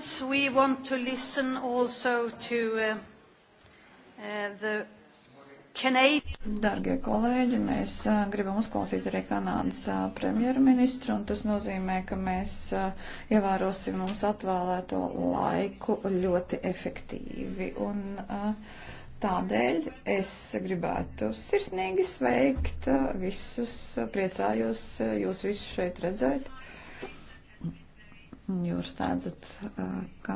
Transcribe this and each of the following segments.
Since we want to listen also to uh, uh, the Darbie kolēģi, mēs uh, gribam uzklausīt arī Kanādas uh, premjerministru, un tas nozīmē, ka mēs uh, ievērosim mums atvēlēto laiku ļoti efektīvi. Un, uh, Tādēļ es gribētu sirsnīgi sveikt uh, visus, uh, priecājos uh, jūs visus šeit redzēt. Jūs redzat, uh, ka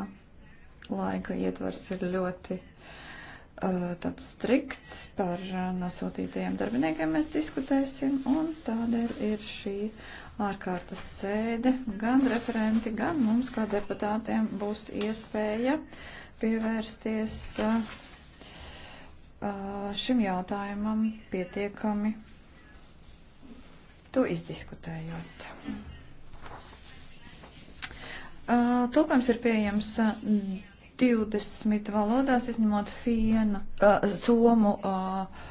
laika ietvars ir ļoti uh, tāds strikts par uh, nosūtītajiem darbiniekiem mēs diskutēsim, un tādēļ ir šī ārkārtas sēde. Gan referenti, gan mums kā deputātiem būs iespēja pievērsties šim jautājumam pietiekami to izdiskutējot. Uh, Tulkojums ir pieejams uh, 20 valodās, izņemot fienu, uh, somu, uh,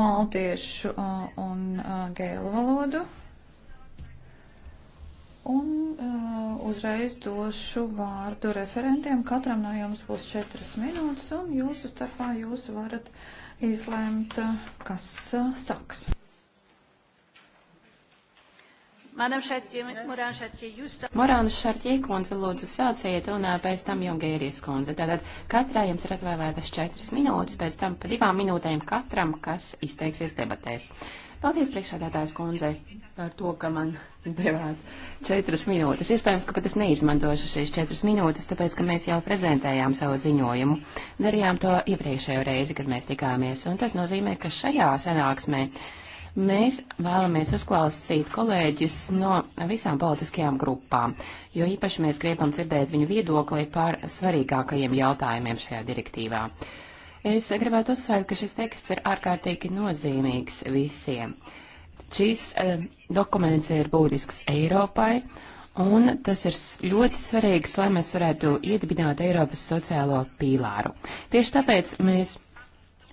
maltiešu uh, un uh, gēlu valodu. Un uh, uzreiz došu vārdu referentiem. Katram no jums būs 4 minūtes, un jūsu starpā jūs varat izlēmt, kas uh, sāks. Morāna Šarķī kundze lūdzu sāciet un pēc tam Jungērijas kundze. Tātad katrā jums ir atvēlētas četras minūtes, pēc tam pa divām minūtēm katram, kas izteiksies debatēs. Paldies priekšādātājs kundze par to, ka man devāt četras minūtes. Iespējams, ka pat es neizmantošu šīs četras minūtes, tāpēc, ka mēs jau prezentējām savu ziņojumu. Darījām to iepriekšējo reizi, kad mēs tikāmies, un tas nozīmē, ka šajā sanāksmē Mēs vēlamies uzklausīt kolēģus no visām politiskajām grupām, jo īpaši mēs gribam dzirdēt viņu viedokli par svarīgākajiem jautājumiem šajā direktīvā. Es gribētu uzsvērt, ka šis teksts ir ārkārtīgi nozīmīgs visiem. Šis eh, dokuments ir būtisks Eiropai, un tas ir ļoti svarīgs, lai mēs varētu iedibināt Eiropas sociālo pīlāru. Tieši tāpēc mēs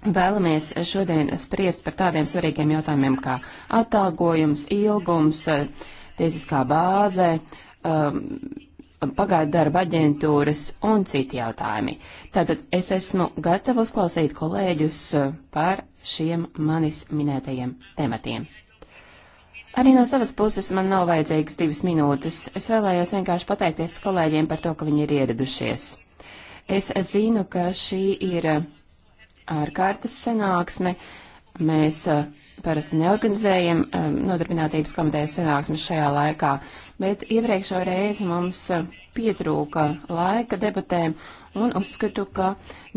Vēlamies šodien spriest par tādiem svarīgiem jautājumiem kā atalgojums, ilgums, eh, tiesiskā bāze, um, pagaidu darba aģentūras un citi jautājumi. Tātad es esmu gatava uzklausīt kolēģus eh, par šiem manis minētajiem tematiem. Arī no savas puses man nav vajadzīgas divas minūtes. Es vēlējos vienkārši pateikties kolēģiem par to, ka viņi ir ieradušies. Es zinu, ka šī ir ārkārtas sanāksme. Mēs uh, parasti neorganizējam um, nodarbinātības komitejas sanāksmes šajā laikā, bet iepriekšo reizi mums uh, pietrūka laika debatēm un uzskatu, ka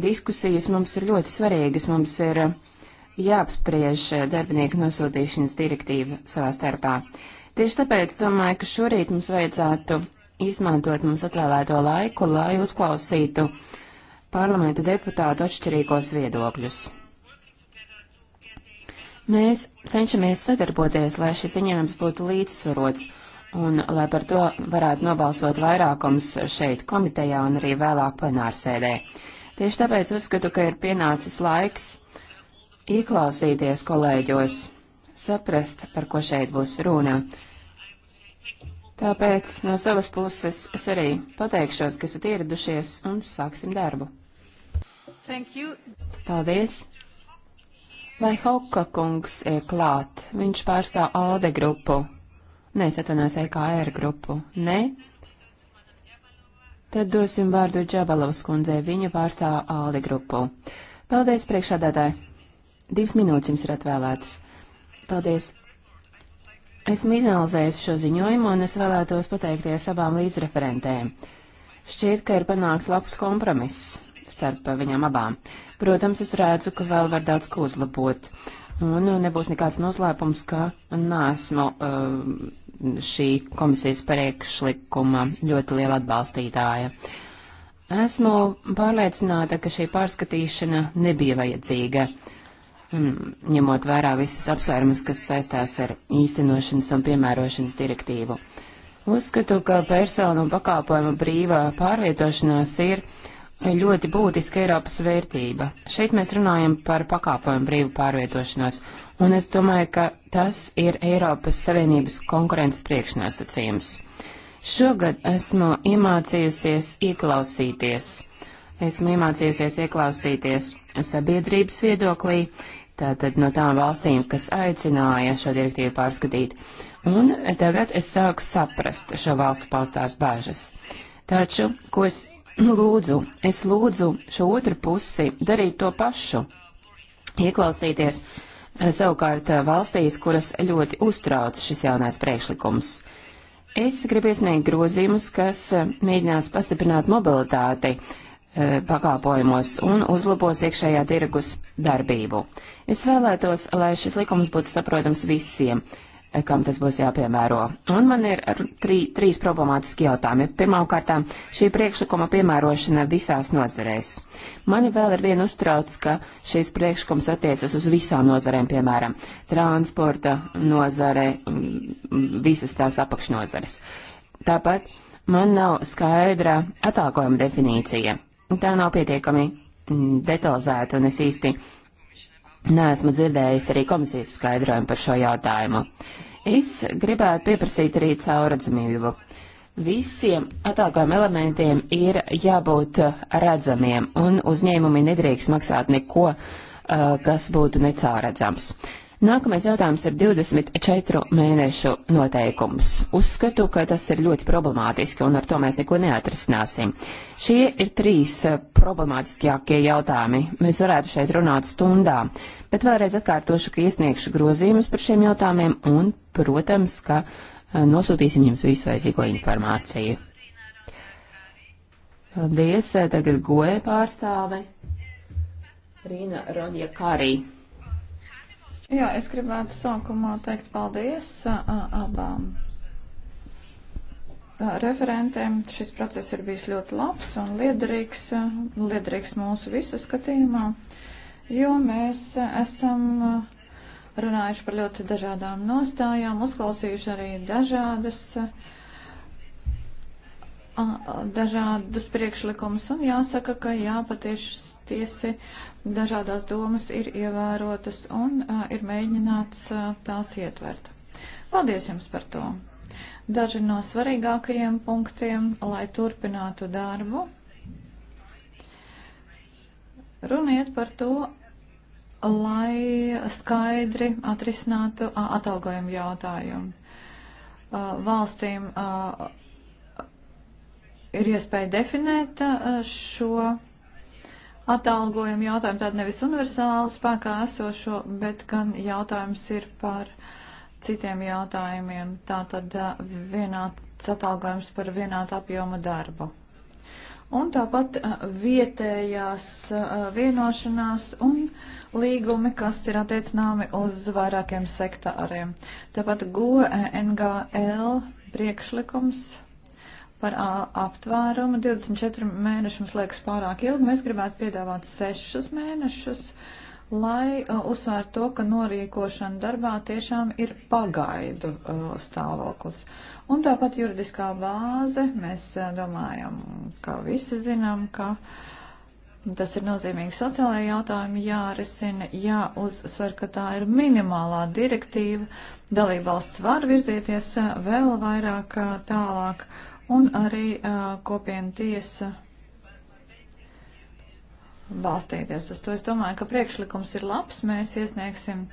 diskusijas mums ir ļoti svarīgas. Mums ir uh, jāapspriež darbinieku nosūtīšanas direktīva savā starpā. Tieši tāpēc domāju, ka šorīt mums vajadzētu izmantot mums atvēlēto laiku, lai uzklausītu uh, parlamenta deputātu atšķirīgos viedokļus. Mēs cenšamies sadarboties, lai šis ziņojums būtu līdzsvarots un lai par to varētu nobalsot vairākums šeit komitejā un arī vēlāk plenārsēdē. Tieši tāpēc uzskatu, ka ir pienācis laiks ieklausīties kolēģos, saprast, par ko šeit būs runa. Tāpēc no savas puses es arī pateikšos, kas ir ieradušies, un sāksim darbu. Paldies! Vai Hauka kungs ir klāt? Viņš pārstāv ALDE grupu. Nē, es atvainojos EKR grupu. Nē? Tad dosim vārdu Džabalovas kundzei. Viņa pārstāv ALDE grupu. Paldies, priekšādātāji! Divas minūtes jums ir atvēlētas. Paldies! Esmu izanalizējusi šo ziņojumu un es vēlētos pateikties abām līdzreferentēm. Šķiet, ka ir panāks labs kompromiss starp viņām abām. Protams, es redzu, ka vēl var daudz ko uzlabot. Un nebūs nekāds noslēpums, ka nesmu uh, šī komisijas priekšlikuma ļoti liela atbalstītāja. Esmu pārliecināta, ka šī pārskatīšana nebija vajadzīga, um, ņemot vērā visus apsvērumus, kas saistās ar īstenošanas un piemērošanas direktīvu. Uzskatu, ka personu un pakāpojumu brīvā pārvietošanās ir ļoti būtiska Eiropas vērtība. Šeit mēs runājam par pakāpojumu brīvu pārvietošanos, un es domāju, ka tas ir Eiropas Savienības konkurences priekšnosacījums. Šogad esmu iemācījusies ieklausīties. Esmu iemācījusies ieklausīties sabiedrības viedoklī, tātad no tām valstīm, kas aicināja šo direktīvu pārskatīt. Un tagad es sāku saprast šo valstu paustās bāžas. Taču, ko es Lūdzu, es lūdzu šo otru pusi darīt to pašu, ieklausīties eh, savukārt eh, valstīs, kuras ļoti uztrauc šis jaunais priekšlikums. Es gribu iesniegt grozījumus, kas eh, mēģinās pastiprināt mobilitāti pakalpojumos un uzlabos iekšējā tirgus darbību. Es vēlētos, lai šis likums būtu saprotams visiem, kam tas būs jāpiemēro. Un man ir trī, trīs problemātiski jautājumi. Pirmkārt, šī priekšlikuma piemērošana visās nozarēs. Mani vēl ir viena uztrauc, ka šīs priekšlikums attiecas uz visām nozarēm, piemēram, transporta nozare, mm, visas tās apakšnozares. Tāpat man nav skaidra atalgojuma definīcija. Tā nav pietiekami mm, detalizēta un es īsti Neesmu dzirdējis arī komisijas skaidrojumu par šo jautājumu. Es gribētu pieprasīt arī caurredzamību. Visiem atalgojuma elementiem ir jābūt redzamiem, un uzņēmumi nedrīkst maksāt neko, uh, kas būtu necāredzams. Nākamais jautājums ir 24 mēnešu noteikums. Uzskatu, ka tas ir ļoti problemātiski un ar to mēs neko neatrisināsim. Šie ir trīs eh, problemātiskākie jautājumi. Mēs varētu šeit runāt stundām, bet vēlreiz atkārtošu, ka iesniegšu grozījumus par šiem jautājumiem un, protams, ka eh, nosūtīsim jums visu vajadzīgo informāciju. Paldies, eh, tagad goja pārstāve Rīna Ronja Karī. Jā, es gribētu sākumā teikt paldies abām referentiem. Šis process ir bijis ļoti labs un liederīgs, liederīgs mūsu visu skatījumā, jo mēs esam runājuši par ļoti dažādām nostājām, uzklausījuši arī dažādas, dažādas priekšlikumus un jāsaka, ka jā, patiešām patiesi dažādās domas ir ievērotas un uh, ir mēģināts uh, tās ietvert. Paldies jums par to! Daži no svarīgākajiem punktiem, lai turpinātu darbu. Runiet par to, lai skaidri atrisinātu atalgojumu jautājumu. Valstīm ir iespēja definēt šo atalgojumu jautājumu, tāda nevis universāli spēkā esošo, bet gan jautājums ir par citiem jautājumiem. Tātad vienāds atalgojums par vienādu apjomu darbu. Un tāpat vietējās vienošanās un līgumi, kas ir attiecināmi uz vairākiem sektāriem. Tāpat GOE NGL priekšlikums par aptvērumu. 24 mēneši mums liekas pārāk ilgi. Mēs gribētu piedāvāt 6 mēnešus, lai uzsvērtu to, ka norīkošana darbā tiešām ir pagaidu stāvoklis. Un tāpat juridiskā bāze, mēs domājam, ka visi zinām, ka. Tas ir nozīmīgi sociālajai jautājumi jārisina, jāuzsver, ka tā ir minimālā direktīva. Dalībvalsts var virzieties vēl vairāk tālāk. Uh, un arī uh, kopiena tiesa balstīties uz to. Es domāju, ka priekšlikums ir labs, mēs iesniegsim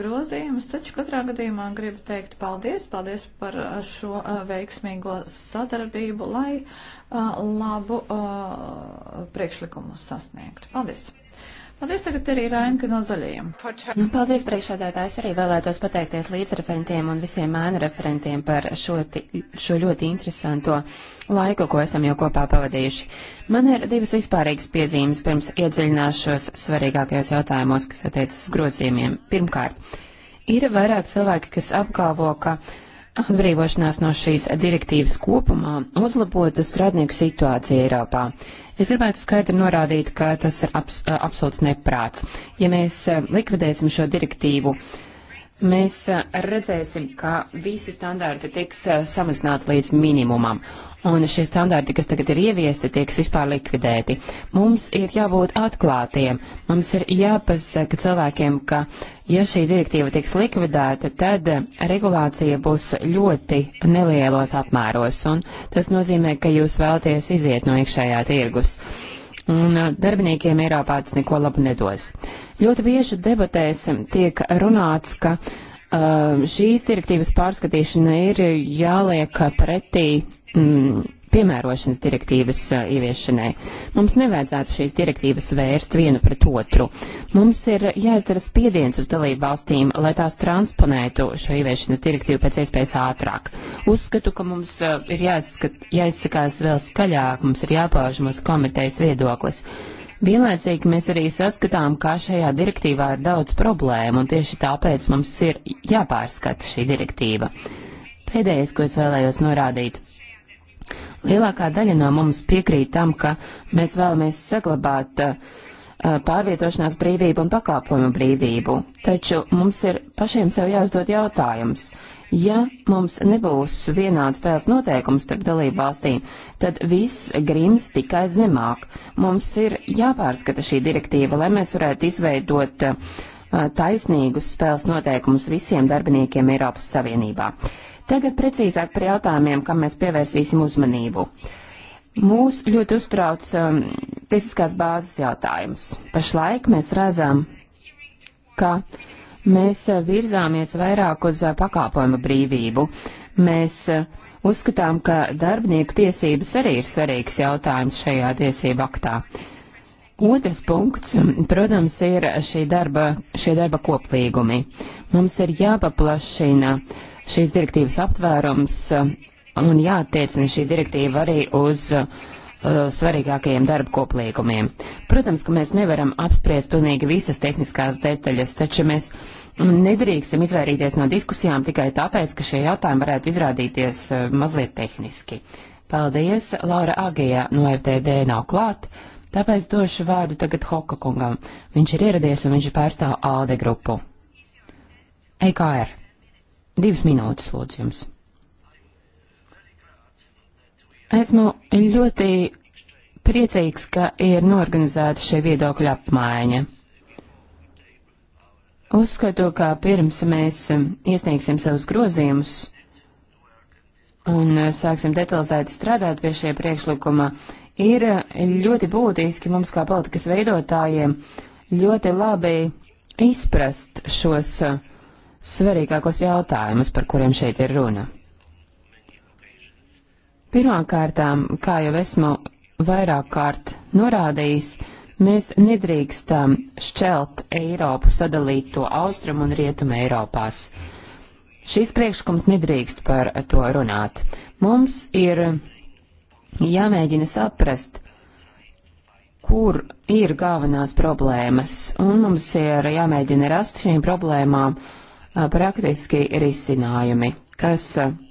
grozījumus, taču katrā gadījumā gribu teikt paldies, paldies par šo uh, veiksmīgo sadarbību, lai uh, labu uh, priekšlikumu sasniegtu. Paldies! Paldies tagad arī Rainka no zaļajiem. Nu, paldies priekšādātājs arī vēlētos pateikties līdzreferentiem un visiem mēnu referentiem par šo, šo ļoti interesanto laiku, ko esam jau kopā pavadījuši. Man ir divas vispārīgas piezīmes pirms iedziļināšos svarīgākajos jautājumos, kas attiecas uz grozījumiem. Pirmkārt, ir vairāk cilvēki, kas apgalvo, ka Atbrīvošanās no šīs direktīvas kopumā uzlabotu strādnieku situāciju Eiropā. Es gribētu skaidri norādīt, ka tas ir abs, absolūts neprāts. Ja mēs likvidēsim šo direktīvu, mēs redzēsim, ka visi standarti tiks samazināti līdz minimumam un šie standarti, kas tagad ir ieviesti, tieks vispār likvidēti. Mums ir jābūt atklātiem, mums ir jāpasaka cilvēkiem, ka ja šī direktīva tiks likvidēta, tad regulācija būs ļoti nelielos apmēros, un tas nozīmē, ka jūs vēlaties iziet no iekšējā tirgus un darbiniekiem Eiropā tas neko labu nedos. Ļoti bieži debatēs tiek runāts, ka uh, šīs direktīvas pārskatīšana ir jāliek pretī mm, piemērošanas direktīvas uh, ieviešanai. Mums nevajadzētu šīs direktīvas vērst vienu pret otru. Mums ir jāizdara spiediens uz dalību valstīm, lai tās transponētu šo ieviešanas direktīvu pēc iespējas ātrāk. Uzskatu, ka mums uh, ir jāizskat, jāizsakās vēl skaļāk, mums ir jāpauž mūsu komitejas viedoklis. Vienlaicīgi mēs arī saskatām, ka šajā direktīvā ir daudz problēmu, un tieši tāpēc mums ir jāpārskata šī direktīva. Pēdējais, ko es vēlējos norādīt, Lielākā daļa no mums piekrīt tam, ka mēs vēlamies saglabāt uh, pārvietošanās brīvību un pakāpojumu brīvību, taču mums ir pašiem sev jāuzdod jautājums. Ja mums nebūs vienāds spēles noteikums starp dalību valstīm, tad viss grims tikai zemāk. Mums ir jāpārskata šī direktīva, lai mēs varētu izveidot uh, taisnīgus spēles noteikumus visiem darbiniekiem Eiropas Savienībā. Uh, Tagad precīzāk par jautājumiem, kam mēs pievērsīsim uzmanību. Mūs ļoti uztrauc um, tiesiskās bāzes jautājums. Pašlaik mēs redzam, ka mēs uh, virzāmies vairāk uz uh, pakāpojumu brīvību. Mēs uh, uzskatām, ka darbinieku tiesības arī ir svarīgs jautājums šajā tiesību aktā. Otrs punkts, protams, ir šī darba, šie darba koplīgumi. Mums ir jāpaplašina uh, šīs direktīvas aptvērums uh, un jāattiecina šī direktīva arī uz uh, svarīgākajiem darba koplīgumiem. Protams, ka mēs nevaram apspriest pilnīgi visas tehniskās detaļas, taču mēs nedrīkstam izvairīties no diskusijām tikai tāpēc, ka šie jautājumi varētu izrādīties uh, mazliet tehniski. Paldies, Laura Agija no FTD nav klāt, tāpēc došu vārdu tagad Hoka kungam. Viņš ir ieradies un viņš pārstāv ALDE grupu. EKR. Divas minūtes, lūdzu, jums. Esmu ļoti priecīgs, ka ir norganizēta šī viedokļa apmaiņa. Uzskatu, ka pirms mēs iesniegsim savus grozījumus un sāksim detalizēti strādāt pie šie priekšlikuma, ir ļoti būtiski mums kā politikas veidotājiem ļoti labi izprast šos uh, svarīgākos jautājumus, par kuriem šeit ir runa. Pirmkārtām, kā jau esmu vairāk kārt norādījis, mēs nedrīkstam šķelt Eiropu sadalīt to austrumu un rietumu Eiropās. Šis priekšlikums nedrīkst par to runāt. Mums ir jāmēģina saprast, kur ir galvenās problēmas, un mums ir jāmēģina rast šīm problēmām uh, praktiski risinājumi, kas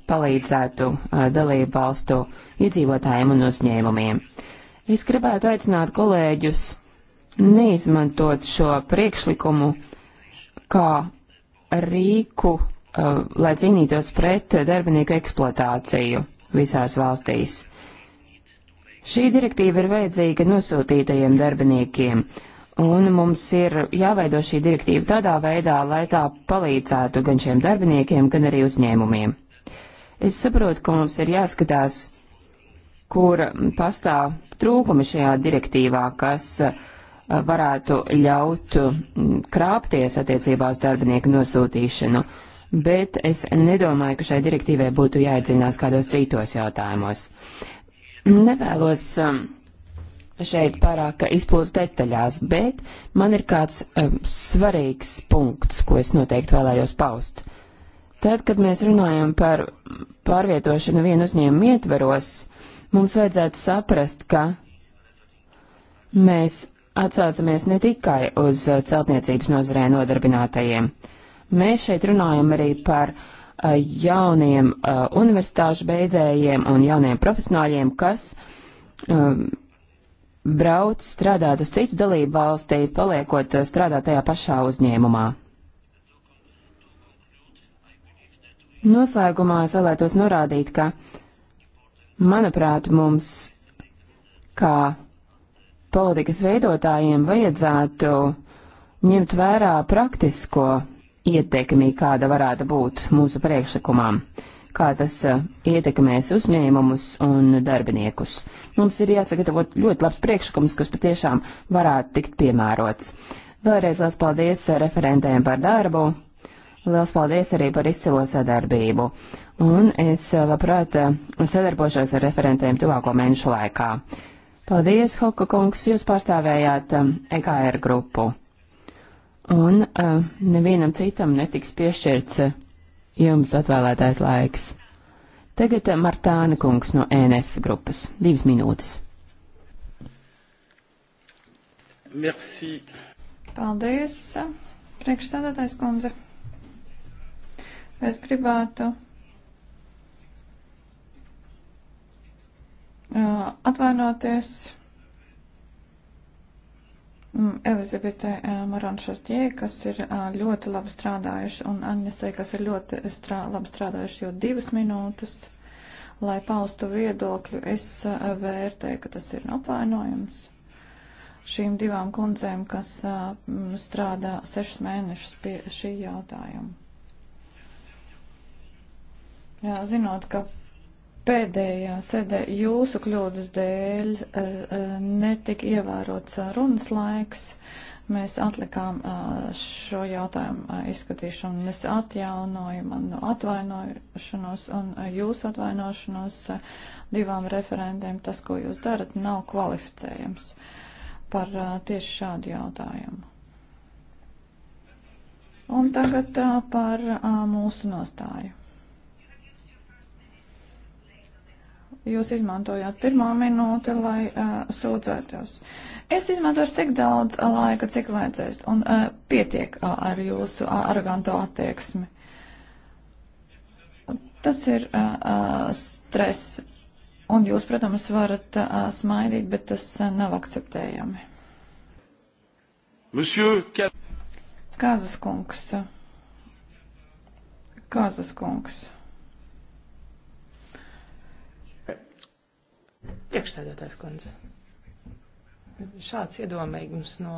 palīdzētu dalību valstu iedzīvotājiem un uzņēmumiem. Es gribētu aicināt kolēģus neizmantot šo priekšlikumu kā rīku, lai cīnītos pret darbinieku eksploatāciju visās valstīs. Šī direktīva ir vajadzīga nosūtītajiem darbiniekiem, Un mums ir jāveido šī direktīva tādā veidā, lai tā palīdzētu gan šiem darbiniekiem, gan arī uzņēmumiem. Es saprotu, ka mums ir jāskatās, kur pastāv trūkumi šajā direktīvā, kas eh, varētu ļaut mm, krāpties attiecībā uz darbinieku nosūtīšanu, bet es nedomāju, ka šai direktīvai būtu jāiedzinās kādos citos jautājumos. Nevēlos um, šeit pārāk izplūst detaļās, bet man ir kāds um, svarīgs punkts, ko es noteikti vēlējos paust. Tad, kad mēs runājam par pārvietošanu vienu uzņēmumu ietveros, mums vajadzētu saprast, ka mēs atsaucamies ne tikai uz eh, celtniecības nozarē nodarbinātajiem. Mēs šeit runājam arī par uh, jauniem uh, universitāšu beidzējiem un jauniem profesionāļiem, kas um, brauc strādāt uz citu dalību valstī, paliekot eh, strādāt tajā pašā uzņēmumā. Noslēgumā es vēlētos norādīt, ka, manuprāt, mums kā politikas veidotājiem vajadzētu ņemt vērā praktisko ietekmi, kāda varētu būt mūsu priekšlikumām. Uh, kā tas ietekmēs uzņēmumus un darbiniekus. Mums ir jāsagatavo ļoti labs priekšlikums, kas patiešām varētu tikt piemērots. Vēlreiz liels paldies referentēm par darbu, liels paldies arī par izcilo sadarbību, un es labprāt sadarbošos ar referentēm tuvāko mēnešu laikā. Paldies, Hoka kungs, jūs pārstāvējāt EKR grupu. Un uh, nevienam citam netiks piešķirts uh, jums atvēlētais laiks. Tagad Martāna kungs no ENF grupas. Divas minūtes. Merci. Paldies, priekšsēdētājs kundze. Es gribētu uh, atvainoties Mm, Elizabete eh, Maronšartie, kas ir eh, ļoti labi strādājuši, un Aņasai, kas ir ļoti strā, labi strādājuši jau divas minūtes, lai paustu viedokļu, es eh, vērtēju, ka tas ir apvainojums šīm divām kundzēm, kas strādā sešas mēnešus pie šī jautājuma. Jā, zinot, ka pēdējā sēdē jūsu kļūdas dēļ eh, eh, netika ievērots eh, runas laiks. Mēs atlikām šo jautājumu izskatīšanu, es atjaunoju manu atvainošanos un jūsu atvainošanos divām referentiem. Tas, ko jūs darat, nav kvalificējams par tieši šādu jautājumu. Un tagad par mūsu nostāju. jūs izmantojāt pirmo minūti, lai uh, sūdzētos. Es izmantošu tik daudz eh, laika, cik vajadzēs, un uh, pietiek uh, ar jūsu uh, aroganto attieksmi. Tas ir uh, uh, stress, un jūs, protams, varat uh, smaidīt, bet tas uh, nav akceptējami. Monsieur... Kazas kungs. Kazas kungs. Priekšsēdētājs kundze. Šāds iedomīgums no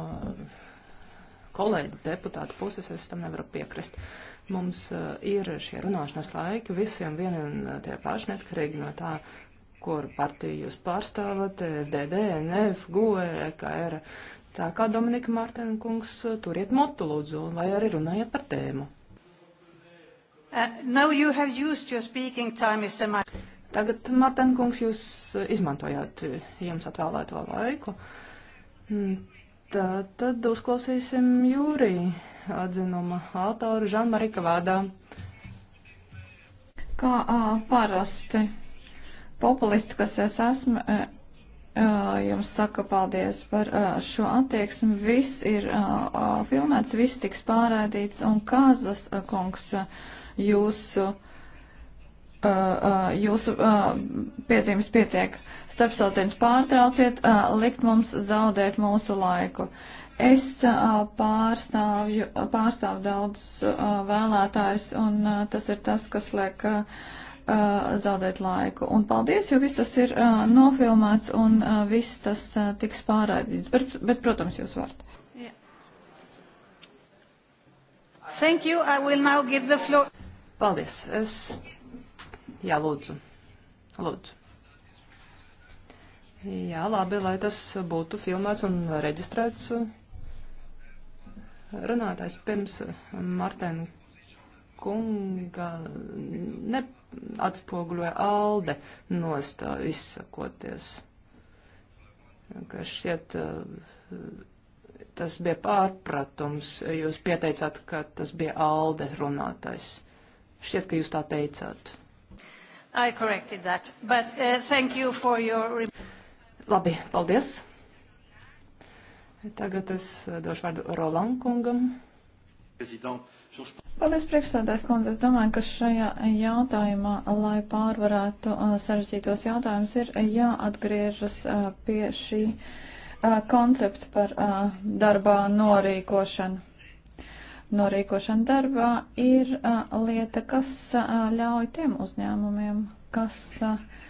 kolēģi deputātu puses es tam nevaru piekrist. Mums uh, ir šie runāšanas laiki visiem vieni un eh, tie paši, neatkarīgi no tā, kur partiju jūs pārstāvat, FDD, NF, GUE, EKR. Tā kā Dominika Mārtena kungs, eh, turiet motu lūdzu, vai arī runājiet par tēmu. Uh, no, you have used your speaking time, Mr. Martin. Tagad, Martenkungs, jūs eh, izmantojāt eh, jums atvēlēto laiku. Mm, tā, tad uzklausīsim jūrī atzinuma autoru Žanmarika vārdā. Kā ā, parasti populists, kas es esmu, jums saka paldies par šo attieksmi. Viss ir filmēts, viss tiks pārēdīts, un Kāzas kungs jūsu Uh, uh, jūsu uh, piezīmes pietiek. Starpsauciens pārtrauciet, uh, likt mums zaudēt mūsu laiku. Es uh, pārstāvju, pārstāvu daudz uh, vēlētājs, un uh, tas ir tas, kas liek uh, uh, zaudēt laiku. Un paldies, jo viss tas ir uh, nofilmēts, un uh, viss tas uh, tiks pārādīts. Bet, bet, protams, jūs varat. Yeah. Thank you. I will now give the floor. Paldies. Es Jā, lūdzu. Lūdzu. Jā, labi, lai tas būtu filmēts un reģistrēts. Runātājs pirms Martēna kunga neatspoguļoja Alde nostāju izsakoties. Ka šķiet, tas bija pārpratums. Jūs pieteicāt, ka tas bija Alde runātājs. Šķiet, ka jūs tā teicāt. I corrected that, but uh, thank you for your... Labi, paldies. Tagad es uh, došu vārdu Roland kungam. Paldies, priekšsēdājs kundze. Es domāju, ka šajā jautājumā, lai pārvarētu uh, sarežģītos jautājumus, ir jāatgriežas uh, pie šī koncepta par darbā norīkošanu norīkošana darbā ir uh, lieta, kas uh, ļauj tiem uzņēmumiem, kas uh,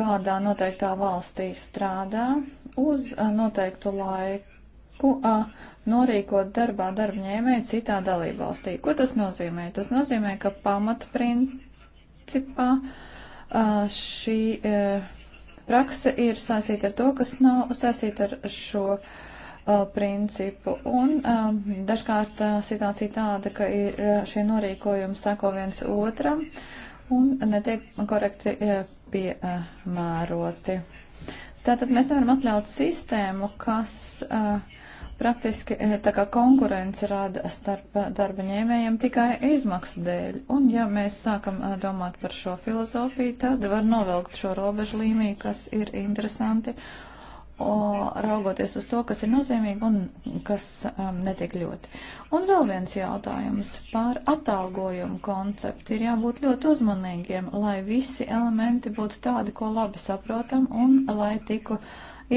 kādā noteiktā valstī strādā uz uh, noteiktu laiku uh, norīkot darbā darbņēmēju citā dalībvalstī. Ko tas nozīmē? Tas nozīmē, ka pamatprincipā uh, šī uh, prakse ir saistīta ar to, kas nav saistīta ar šo uh, Uh, principu. Un uh, dažkārt uh, situācija tāda, ka ir šie norīkojumi sako viens otram un netiek korekti piemēroti. Tātad mēs nevaram atļaut sistēmu, kas praktiski tā kā konkurence rada starp darba ņēmējiem tikai izmaksu dēļ. Un ja mēs sākam domāt par šo filozofiju, tad var novelkt šo robežu līmiju, kas ir interesanti raugoties uz to, kas ir nozīmīgi un kas um, netiek ļoti. Un vēl viens jautājums par atalgojumu konceptu. Ir jābūt ļoti uzmanīgiem, lai visi elementi būtu tādi, ko labi saprotam un lai tiku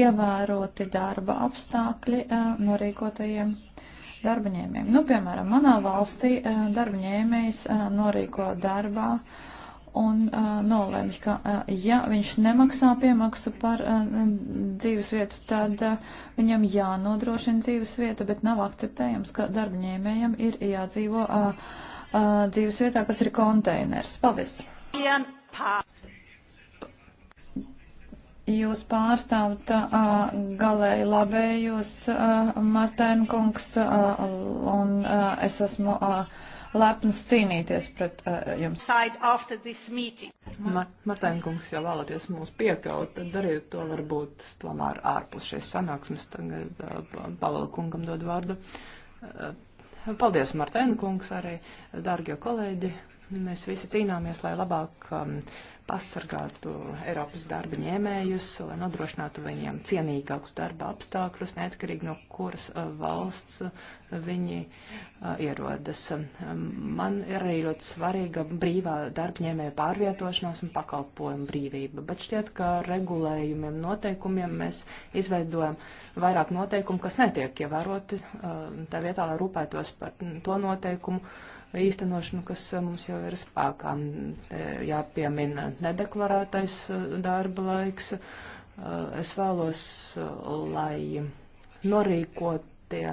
ievēroti darba apstākļi uh, norīkotajiem darbaņēmējiem. Nu, piemēram, manā valstī uh, darbaņēmējs uh, norīko darbā. Uh, un uh, nolemj, ka uh, ja viņš nemaksā piemaksu par uh, dzīves vietu, tad uh, viņam jānodrošina dzīves vieta, bet nav akceptējams, ka darbņēmējam ir jādzīvo uh, uh, dzīves vietā, kas ir konteiners. Paldies! Jūs pārstāvat uh, galēji labējos, uh, Martēna kungs, uh, un uh, es esmu. Uh, lepns cīnīties pret uh, jums. Ma Martēna kungs, ja vēlaties mūs piekaut, tad dariet to varbūt tomēr ārpus šīs sanāksmes. Tagad uh, Pavela kungam dod vārdu. Uh, paldies, Martēna kungs, arī dārgie kolēģi. Mēs visi cīnāmies, lai labāk um, pasargātu Eiropas darba ņēmējus, lai nodrošinātu viņiem cienīgākus darba apstākļus, neatkarīgi no kuras uh, valsts uh, viņi uh, ierodas. Um, man ir arī ļoti svarīga brīvā darba ņēmēja pārvietošanās un pakalpojuma brīvība, bet šķiet, ka regulējumiem, noteikumiem mēs izveidojam vairāk noteikumu, kas netiek ievēroti, tā vietā, lai rūpētos par to noteikumu īstenošanu, kas eh, mums jau ir spēkā. Jāpiemina nedeklarētais eh, darba laiks. Eh, es vēlos, lai norīkotie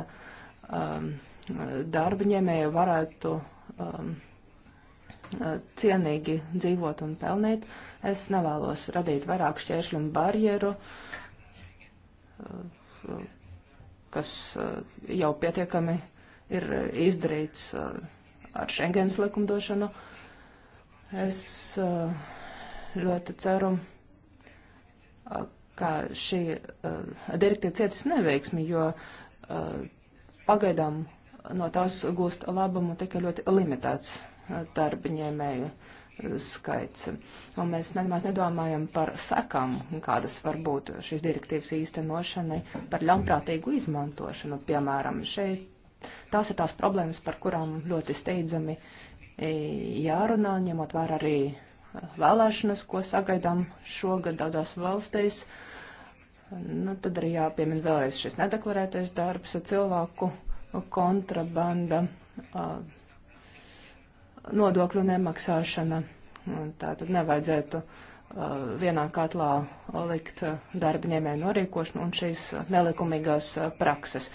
darba ņēmēji varētu cienīgi dzīvot un pelnīt. Es nevēlos radīt vairāk šķēršļu un barjeru, kas jau pietiekami ir izdarīts ar Schengens likumdošanu. Es uh, ļoti ceru, uh, ka šī uh, direktīva cietis neveiksmi, jo pagaidām no tās gūst labumu tikai ļoti limitēts darbiņēmēju skaits. Un mēs nemaz nedomājam par sekām, kādas var būt šīs direktīvas īstenošanai, par ļaunprātīgu izmantošanu. Piemēram, šeit Tās ir tās problēmas, par kurām ļoti steidzami e, jārunā, ņemot vērā arī vēlēšanas, ko sagaidām šogad daudzās valstīs. Nu, tad arī jāpiemin vēlreiz šis nedeklarētais darbs, cilvēku kontrabanda, nodokļu nemaksāšana. Tā tad nevajadzētu vienā katlā likt darba ņēmēju norīkošanu un šīs nelikumīgās prakses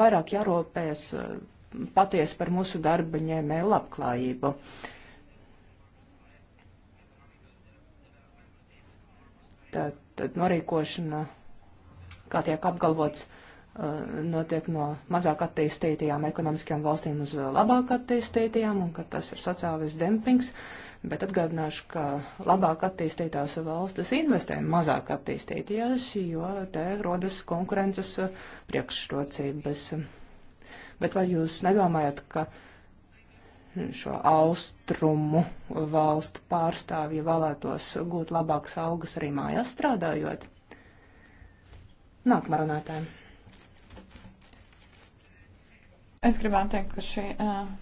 vairāk jārūpējas eh, patiesi par mūsu darba ņēmēju labklājību. Tad, tad norīkošana, kā tiek apgalvots, eh, notiek no mazāk attīstītajām ekonomiskajām valstīm uz eh, labāk attīstītajām, un ka tas ir sociālais dempings. Uh, Bet atgādināšu, ka labāk attīstītās valstis investē mazāk attīstītajās, jo te rodas konkurences priekšrocības. Bet vai jūs nedomājat, ka šo austrumu valstu pārstāvji vēlētos gūt labākas algas arī mājās strādājot? Nākamā runātāja. Es gribētu teikt, ka šī uh,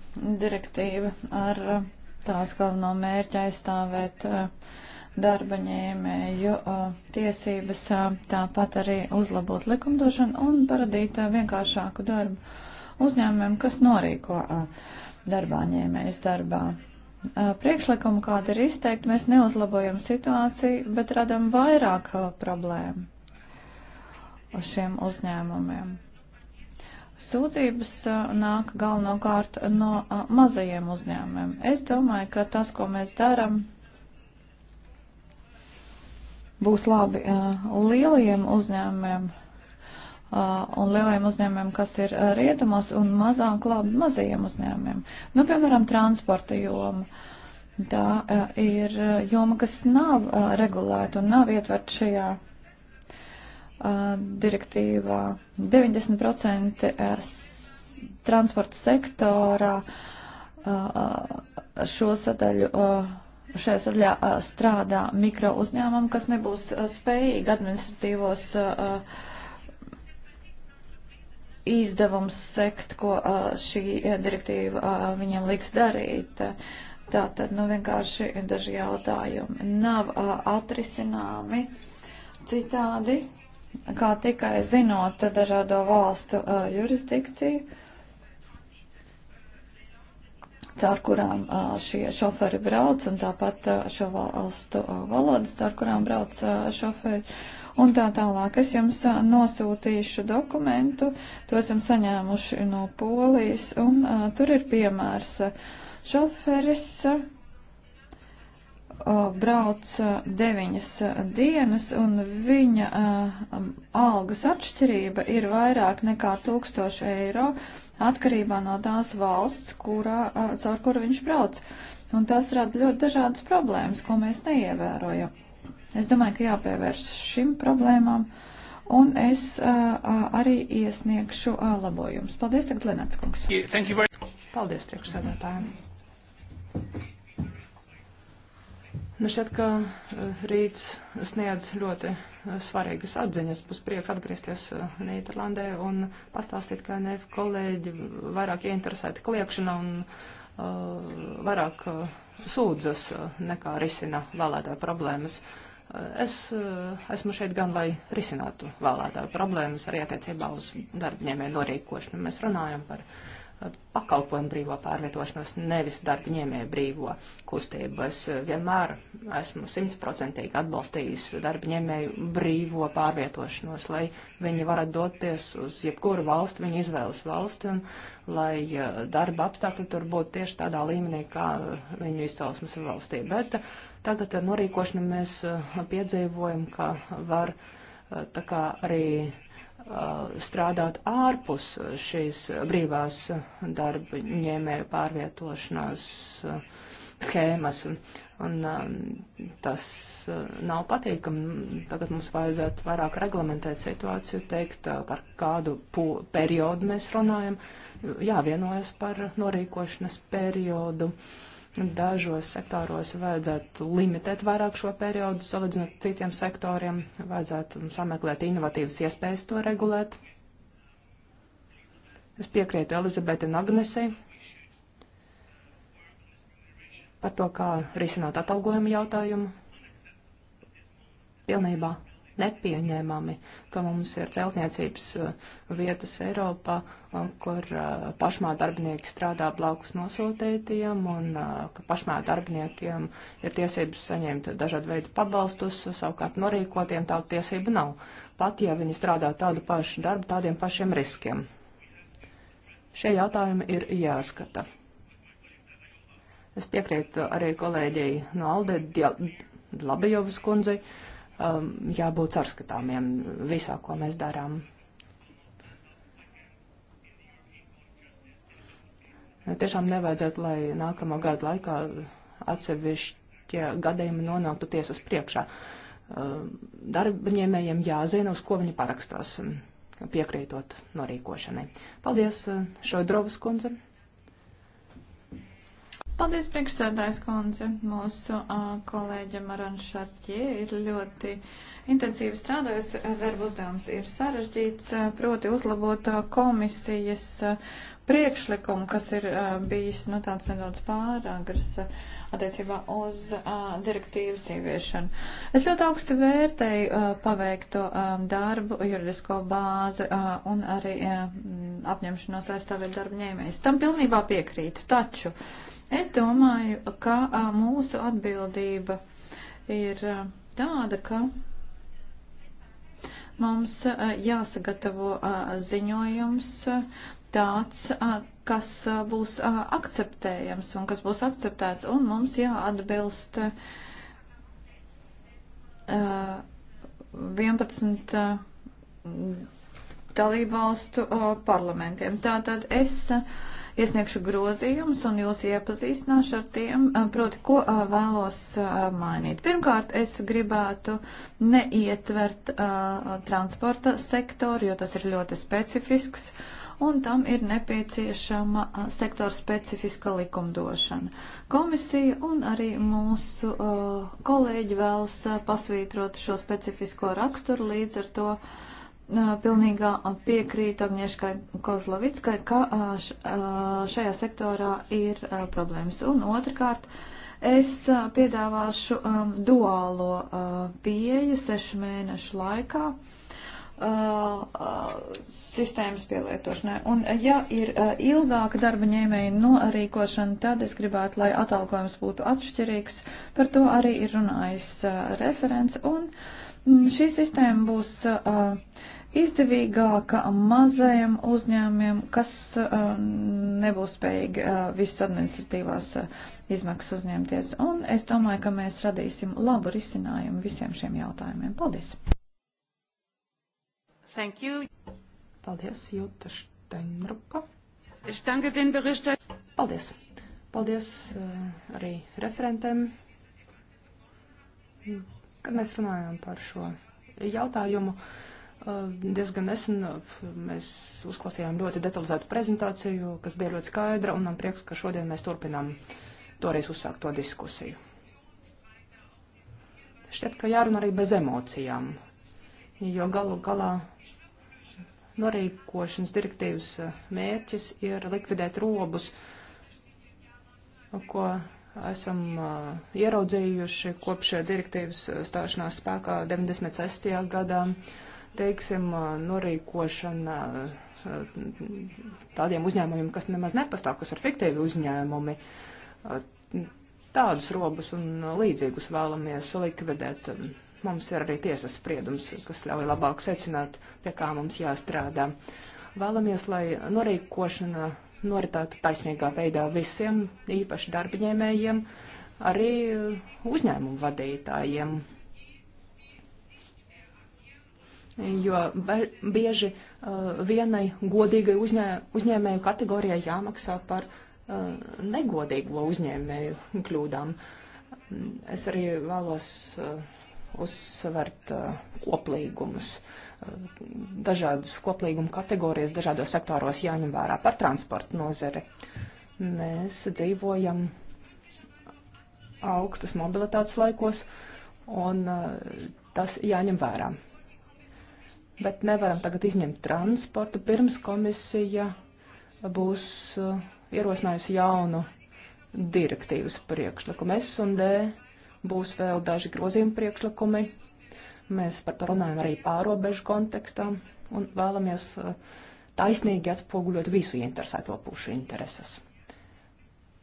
direktīva ar uh, tās galveno mērķi aizstāvēt uh, darba ņēmēju uh, tiesības, uh, tāpat arī uzlabot likumdošanu un paradīt vienkāršāku darbu uzņēmumiem, kas norīko darbā ņēmējas darbā. Priekšlikumu, kāda ir izteikti, mēs neuzlabojam situāciju, bet radam vairāk problēmu uz šiem uzņēmumiem. Sūdzības nāk galvenokārt no mazajiem uzņēmumiem. Es domāju, ka tas, ko mēs darām, būs labi lielajiem uzņēmumiem un lielajiem uzņēmumiem, kas ir rietumos, un mazāk labi mazajiem uzņēmumiem. Nu, piemēram, transporta joma. Tā ir joma, kas nav regulēta un nav ietverta šajā Uh, direktīvā 90% uh, transporta sektorā uh, šo sadaļu, šajā sadaļā strādā mikro uzņēmumu, kas nebūs spējīgi administratīvos izdevums sekt, ko šī direktīva viņiem liks darīt. Tātad, nu, vienkārši daži jautājumi nav atrisināmi citādi kā tikai zinot dažādo valstu uh, jurisdikciju, caur kurām uh, šie šoferi brauc, un tāpat uh, šo valstu uh, valodas, caur kurām brauc uh, šoferi. Un tā tālāk es jums uh, nosūtīšu dokumentu, to esam saņēmuši no Polijas, un uh, tur ir piemērs uh, šoferis. Uh, brauc deviņas dienas, un viņa uh, algas atšķirība ir vairāk nekā 1000 eiro atkarībā no tās valsts, kurā, uh, caur kuru viņš brauc. Un tas rada ļoti dažādas problēmas, ko mēs neievērojam. Es domāju, ka jāpievērš šim problēmām, un es uh, arī iesniegšu uh, labojumus. Paldies, tagad Lenats kungs. Paldies, priekšsēdētājiem. Nu šķiet, ka eh, rīts sniedz ļoti eh, svarīgas atziņas. Būs prieks atgriezties eh, Nīderlandē un pastāstīt, kā NF kolēģi vairāk ieinteresēti kliekšanā un uh, vairāk uh, sūdzas nekā risina vēlētāju problēmas. Es uh, esmu šeit gan, lai risinātu vēlētāju problēmas arī attiecībā uz darbņēmē norīkošanu. Mēs runājam par uh, pakalpojumu brīvo pārvietošanos, nevis darba ņēmēju brīvo kustību. Es vienmēr esmu simtprocentīgi atbalstījis darba ņēmēju brīvo pārvietošanos, lai viņi varētu doties uz jebkuru valstu, viņa izvēles valsti, un lai darba apstākļi tur būtu tieši tādā līmenī, kā viņu izcelsmes valstī. Bet uh, tagad ar norīkošanu mēs uh, piedzīvojam, ka var uh, tā kā arī Uh, strādāt ārpus šīs brīvās darba ņēmēju pārvietošanās uh, schēmas. Un um, tas uh, nav patīkami. Tagad mums vajadzētu vairāk reglamentēt situāciju, teikt, par kādu periodu mēs runājam. Jāvienojas par norīkošanas periodu. Uh, Dažos sektoros vajadzētu limitēt vairāk šo periodu, salīdzinot citiem sektoriem, vajadzētu sameklēt inovatīvas iespējas to regulēt. Es piekrītu Elizabete Nagnesei par to, kā risināt atalgojumu jautājumu. Pilnībā nepieņēmami, ka mums ir celtniecības uh, vietas Eiropā, kur uh, pašmā darbinieki strādā blakus nosūtētiem un uh, ka pašmā darbiniekiem ir tiesības saņemt dažādu veidu pabalstus, savukārt norīkotiem tādu tiesību nav, pat ja viņi strādā tādu pašu darbu tādiem pašiem riskiem. Šie jautājumi ir jāskata. Es piekrītu arī kolēģei no Alde Labajovas kundzei. Uh, um, jābūt sarskatāmiem visā, ko mēs darām. Tiešām nevajadzētu, lai nākamā gada laikā atsevišķie gadījumi nonāktu tiesas priekšā. Um, Darbaņēmējiem jāzina, uz ko viņi parakstās, piekrītot norīkošanai. Paldies, uh, Šodrovas kundze! Paldies, priekšsēdājs kundze. Mūsu uh, kolēģa Marana Šarķie ir ļoti intensīvi strādājusi. Darba uzdevums ir sarežģīts, proti uzlabot komisijas priekšlikumu, kas ir uh, bijis nu, tāds nedaudz pāragrs attiecībā uz uh, direktīvas ieviešanu. Es ļoti augstu vērtēju uh, paveikto um, darbu, juridisko bāzi uh, un arī uh, apņemšanos aizstāvēt darba ņēmējs. Tam pilnībā piekrītu. Taču, uh, Es domāju, ka mūsu atbildība ir tāda, ka mums jāsagatavo ziņojums tāds, kas būs akceptējams un kas būs akceptēts, un mums jāatbilst 11 dalībvalstu parlamentiem. Tātad es uh, iesniegšu grozījumus un jūs iepazīstināšu ar tiem, proti, ko vēlos mainīt. Pirmkārt, es gribētu neietvert transporta sektoru, jo tas ir ļoti specifisks un tam ir nepieciešama sektora specifiska likumdošana. Komisija un arī mūsu kolēģi vēlas pasvītrot šo specifisko raksturu līdz ar to. Uh, pilnīgā piekrītu Agnieszkai Kozlovickai, ka šajā sektorā ir problēmas. Un otrkārt, es piedāvāšu duālo pieju sešu mēnešu laikā sistēmas pielietošanai. Un ja ir ilgāka darba ņēmēja norīkošana, tad es gribētu, lai atalgojums būtu atšķirīgs. Par to arī ir runājis referents. Un, uh, Mm, šī sistēma būs uh, izdevīgāka mazajiem uzņēmumiem, kas uh, nebūs spējīgi uh, visas administratīvās uh, izmaksas uzņemties. Un es domāju, ka mēs radīsim labu risinājumu visiem šiem jautājumiem. Paldies! Thank you. Paldies, Jūta Steinrupa. Ich danke den Berichterstatter. Paldies. Paldies uh, arī referentiem Kad mēs runājām par šo jautājumu, eh, diezgan nesen eh, mēs uzklausījām ļoti detalizētu prezentāciju, kas bija ļoti skaidra, un man prieks, ka šodien mēs turpinām toreiz uzsākt to diskusiju. Šķiet, ka jārunā arī bez emocijām, jo galu galā norīkošanas direktīvas eh, mērķis ir likvidēt robus, ko esam ieraudzījuši kopš direktīvas stāšanās spēkā 96. gadā, teiksim, norīkošana tādiem uzņēmumiem, kas nemaz nepastāv, kas ir fiktīvi uzņēmumi. Tādus robus un līdzīgus vēlamies likvidēt. Mums ir arī tiesas spriedums, kas ļauj labāk secināt, pie kā mums jāstrādā. Vēlamies, lai norīkošana noritētu taisnīgā veidā visiem, īpaši darbaņēmējiem, arī uzņēmumu vadītājiem. Jo bieži uh, vienai godīgai uzņē, uzņēmēju kategorijai jāmaksā par uh, negodīgo uzņēmēju kļūdām. Es arī vēlos uh, uzsvert uh, koplīgumus, uh, dažādas koplīguma kategorijas dažādos sektoros jāņem vērā par transportu nozari. Mēs dzīvojam augstas mobilitātes laikos, un uh, tas jāņem vērā. Bet nevaram tagad izņemt transportu, pirms komisija būs uh, ierosinājusi jaunu direktīvas priekšlikumu. S un D būs vēl daži grozījumi priekšlikumi. Mēs par to runājam arī pārobežu kontekstā un vēlamies uh, taisnīgi atspoguļot visu interesēto pušu intereses.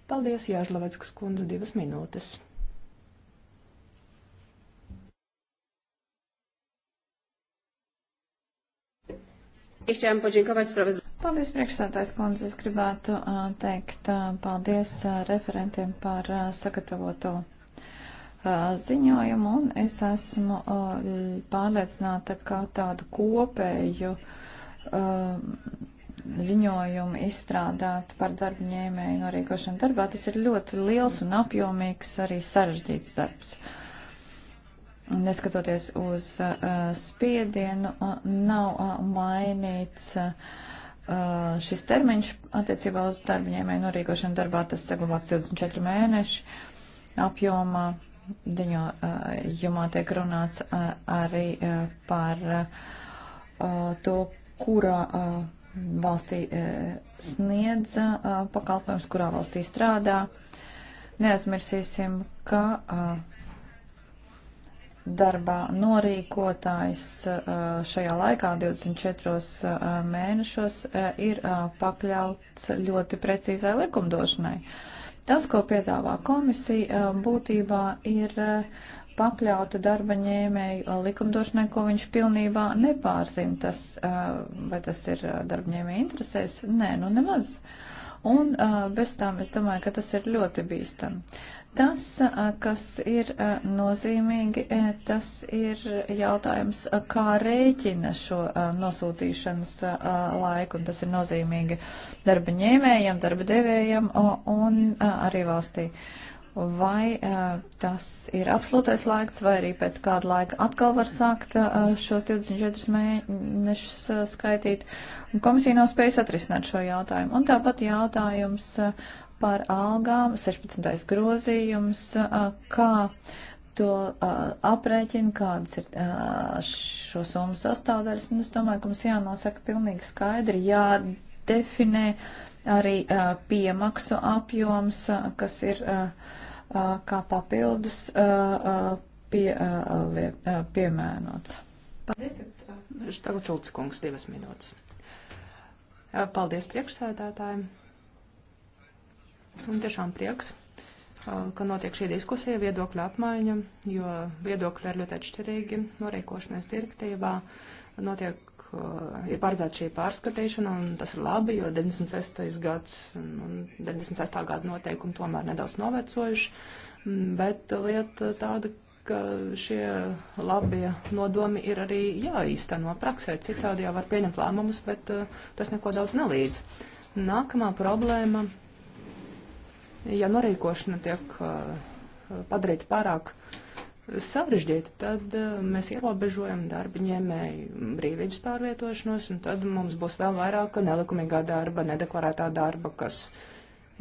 Paldies, Jāžlaveckas kundze, divas minūtes. Chciałam podziękować sprawozdawcy. Paldies, priekšsētājs kundze. Es gribētu uh, teikt uh, paldies referentiem par sagatavoto Uh, ziņojumu, un es esmu uh, pārliecināta, ka tādu kopēju uh, ziņojumu izstrādāt par darba ņēmēju norīkošanu darbā, tas ir ļoti liels un apjomīgs, arī sarežģīts darbs. Neskatoties uz uh, spiedienu, uh, nav uh, mainīts uh, šis termiņš attiecībā uz darba ņēmēju norīkošanu darbā, tas saglabāts 24 mēneši apjomā. Uh, ziņojumā tiek runāts arī par to, kurā valstī sniedz pakalpojums, kurā valstī strādā. Neaizmirsīsim, ka darbā norīkotājs šajā laikā 24 mēnešos ir pakļauts ļoti precīzai likumdošanai. Tas, ko piedāvā komisija, eh, būtībā ir eh, pakļauta darba ņēmēju eh, likumdošanai, ko viņš pilnībā nepārzina. Tas, vai tas ir darba ņēmēju interesēs? Nē, nu nemaz. Un bez tām es domāju, ka tas ir ļoti bīstami. Tas, kas ir nozīmīgi, e, tas ir jautājums, kā rēķina šo nosūtīšanas laiku, un tas ir nozīmīgi darba ņēmējiem, darba devējiem un arī valstī. Vai tas ir absolūtais laiks, vai arī pēc kāda laika atkal var sākt šos 24 mēnešus skaitīt. Komisija nav spējusi atrisināt šo jautājumu. Un tāpat jautājums par algām, 16. grozījums, kā to aprēķinu, kādas ir šo summu sastāvdaļas, un es domāju, ka mums jānosaka pilnīgi skaidri, jādefinē arī piemaksu apjoms, kas ir kā papildus pie, piemēnots. Paldies, Tagad Šulc kungs, divas minūtes. Paldies priekšsēdētājiem. Man tiešām prieks, ka notiek šī diskusija, viedokļa apmaiņa, jo viedokļi ir ļoti atšķirīgi. Norīkošanās direktīvā notiek, ir paredzēta šī pārskatīšana, un tas ir labi, jo 96. gads un 96. gada noteikumi tomēr nedaudz novecojuši, mm, bet lieta tāda, ka šie labie nodomi ir arī jāīsteno praksē, citādi jau var pieņemt lēmumus, bet tas neko daudz nelīdz. Nākamā problēma ja norīkošana tiek uh, padarīta pārāk sarežģīta, tad uh, mēs ierobežojam darba ņēmēju brīvības pārvietošanos, un tad mums būs vēl vairāk nelikumīgā darba, nedeklarētā darba, kas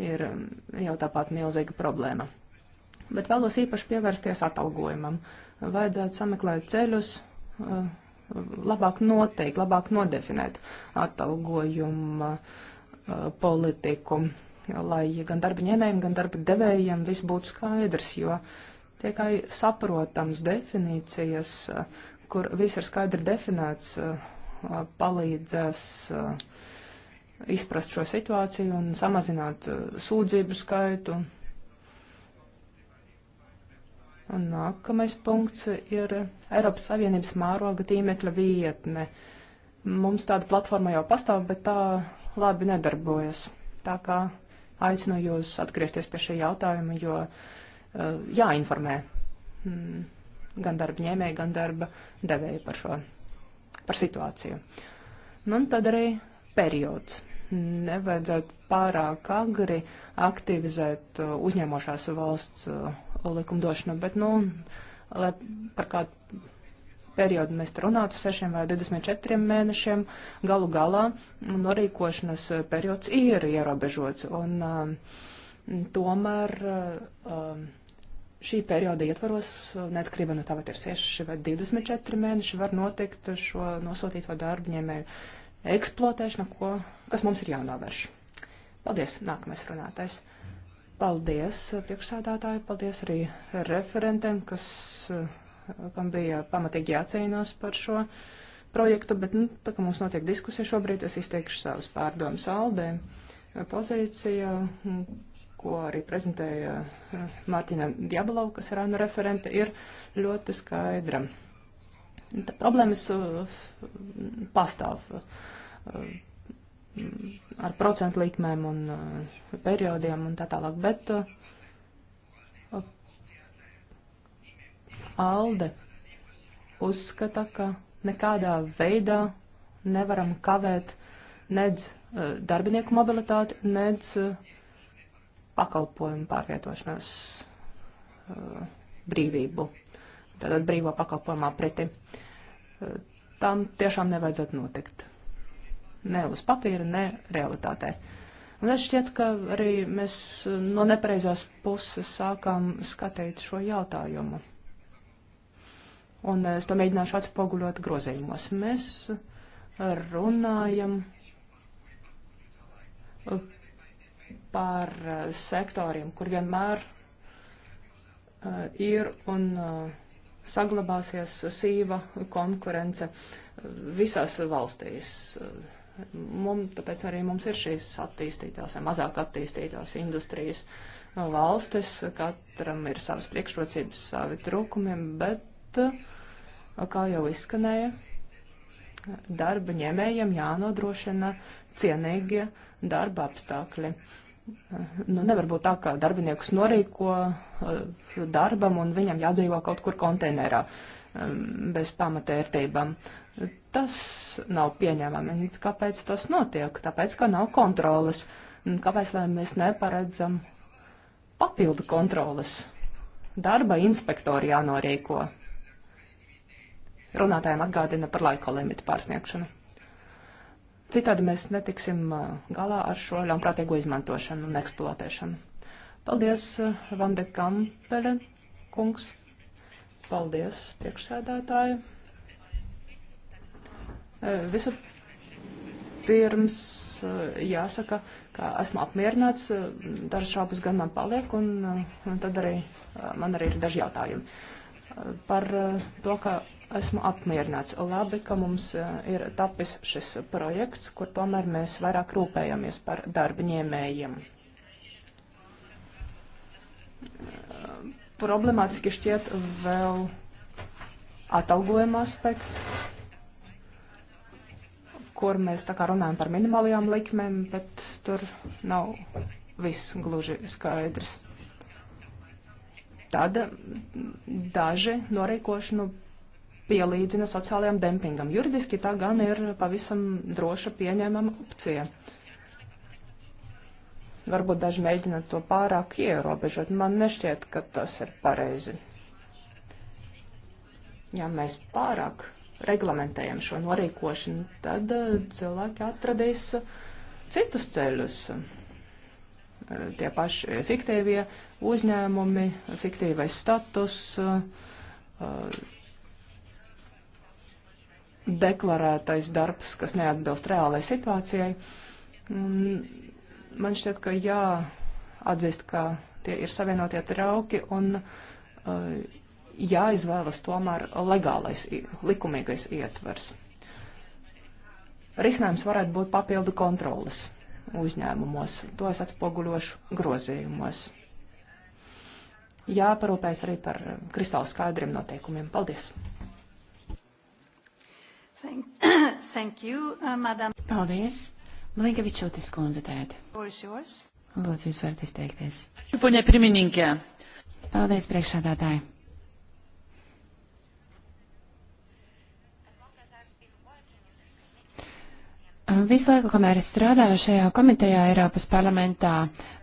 ir um, jau tāpat milzīga problēma. Bet vēlos īpaši pievērsties atalgojumam. Vajadzētu sameklēt ceļus, uh, labāk noteikt, labāk nodefinēt atalgojuma politiku lai gan darba ņēmējiem, gan darba devējiem viss būtu skaidrs, jo tikai saprotams definīcijas, kur viss ir skaidri definēts, palīdzēs izprast šo situāciju un samazināt sūdzību skaitu. Un nākamais punkts ir Eiropas Savienības mēroga tīmekļa vietne. Mums tāda platforma jau pastāv, bet tā labi nedarbojas. Tā kā aicinu jūs atgriezties pie šī jautājuma, jo uh, jāinformē mm, gan darba ņēmēji, gan darba devēji par šo, par situāciju. Nu, un tad arī periods. Nevajadzētu pārāk agri aktivizēt uh, eh, uzņēmošās valsts uh, likumdošanu, bet, nu, lai par kādu periodu mēs runātu 6 vai 24 mēnešiem, galu galā norīkošanas eh, periods ir ierobežots. Un, um, tomēr um, šī perioda ietvaros, neatkarībā no tā, vai ir 6 vai 24 mēneši, var notikt šo nosūtīto darbņēmēju eksploatēšana, ko, kas mums ir jānovērš. Paldies, nākamais runātais. Paldies priekšsādātāji, paldies arī referentiem, kas uh, kam bija pamatīgi jācīnās par šo projektu, bet, nu, tā kā mums notiek diskusija šobrīd, es izteikšu savas pārdomas Aldē pozīcija, ko arī prezentēja Mārtiņa Diabalova, kas ir ANU referente, ir ļoti skaidra. Tā problēmas pastāv ar procentu likmēm un periodiem un tā tālāk, bet uh, Alde uzskata, ka nekādā veidā nevaram kavēt nedz eh, darbinieku mobilitāti, nedz eh, pakalpojumu pārvietošanās eh, brīvību, tātad brīvo pakalpojumā pretī. Tam tiešām nevajadzētu notikt. Ne uz papīra, ne realitātē. Un es šķiet, ka arī mēs no nepareizās puses sākām skatīt šo jautājumu un es to mēģināšu atspoguļot grozījumos. Mēs runājam par sektoriem, kur vienmēr eh, ir un eh, saglabāsies sīva konkurence visās valstīs. Mums, tāpēc arī mums ir šīs attīstītās vai mazāk attīstītās industrijas valstis, katram ir savas priekšrocības, savi trūkumi, bet kā jau izskanēja, darba ņēmējiem jānodrošina cienīgie darba apstākļi. Nu, nevar būt tā, ka darbinieks norīko darbam un viņam jādzīvo kaut kur konteinerā um, bez pamatērtībām. Tas nav pieņemami. Kāpēc tas notiek? Tāpēc, ka nav kontrolas. Kāpēc mēs neparedzam papildu kontrolas? Darba inspektori jānorīko runātājiem atgādina par laika limitu pārsniegšanu. Citādi mēs netiksim uh, galā ar šo ļaunprātīgo izmantošanu un eksploatēšanu. Paldies, uh, Vande Kampele, kungs. Paldies, priekšsēdētāji. Uh, visu pirms jāsaka, ka esmu apmierināts, dažas šaubas gan man paliek, un, un tad arī man arī ir daži jautājumi par eh, to, ka esmu apmierināts. Labi, ka mums eh, ir tapis šis projekts, kur tomēr mēs vairāk rūpējamies par darbiņēmējiem. Eh, problemātiski šķiet vēl atalgojuma aspekts, kur mēs tā kā runājam par minimālajām likmēm, bet tur nav viss gluži skaidrs. Tad daži noreikošanu pielīdzina sociālajam dempingam. Juridiski tā gan ir pavisam droša pieņēmama opcija. Varbūt daži mēģina to pārāk ierobežot. Man nešķiet, ka tas ir pareizi. Ja mēs pārāk reglamentējam šo norīkošanu, tad eh, cilvēki atradīs citus ceļus tie paši fiktīvie uzņēmumi, fiktīvais status, uh, deklarētais darbs, kas neatbilst reālajai situācijai. Man šķiet, ka jāatzīst, ka tie ir savienotie trauki un uh, jāizvēlas tomēr legālais, likumīgais ietvers. Risinājums varētu būt papildu kontrolas uzņēmumos, tos atspoguļošu grozījumos. Jāparūpēs arī par kristāli skaidriem noteikumiem. Paldies! Thank you, uh, madam. Paldies! Blinkevičūtis kundze tēti. Lūdzu, jūs varat izteikties. Puņa pirmininkē. Paldies, priekšsādātāji. Visu laiku, kamēr es strādāju šajā komitejā Eiropas parlamentā,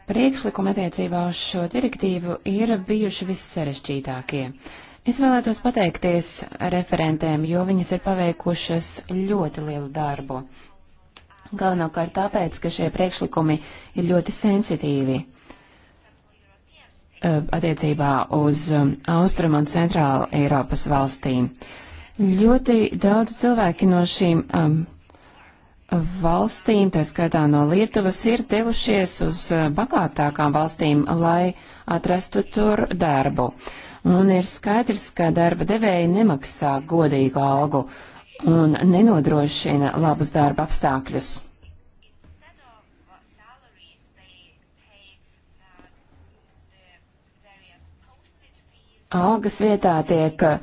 priekšlikumi attiecībā uz šo direktīvu ir bijuši vissarežģītākie. Es vēlētos pateikties referentēm, jo viņas ir paveikušas ļoti lielu darbu. Galvenokārt tāpēc, ka šie priekšlikumi ir ļoti sensitīvi eh, attiecībā uz um, Austrum un Centrālu Eiropas valstīm. Ļoti daudz cilvēki no šīm um, valstīm, tā skaitā no Lietuvas, ir devušies uz eh, bagātākām valstīm, lai atrastu tur darbu. Un ir skaidrs, ka darba devēji nemaksā godīgu algu un nenodrošina labus darba apstākļus. Algas vietā tiek uh,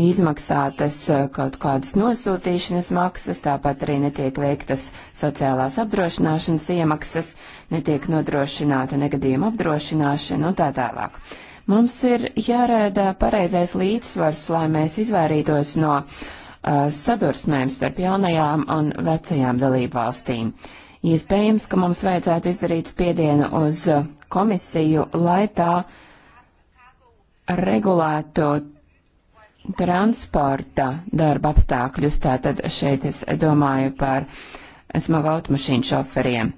izmaksātas eh, kaut kādas nosūtīšanas maksas, tāpat arī netiek veiktas sociālās apdrošināšanas iemaksas, netiek nodrošināta negadījuma apdrošināšana un tā tālāk. Mums ir jārēda pareizais līdzsvars, lai mēs izvairītos no uh, sadursmēm starp jaunajām un vecajām dalību valstīm. Iespējams, ka mums vajadzētu izdarīt spiedienu uz eh, komisiju, lai tā regulētu transporta darba apstākļus, tātad šeit es domāju par smagu automašīnu šoferiem.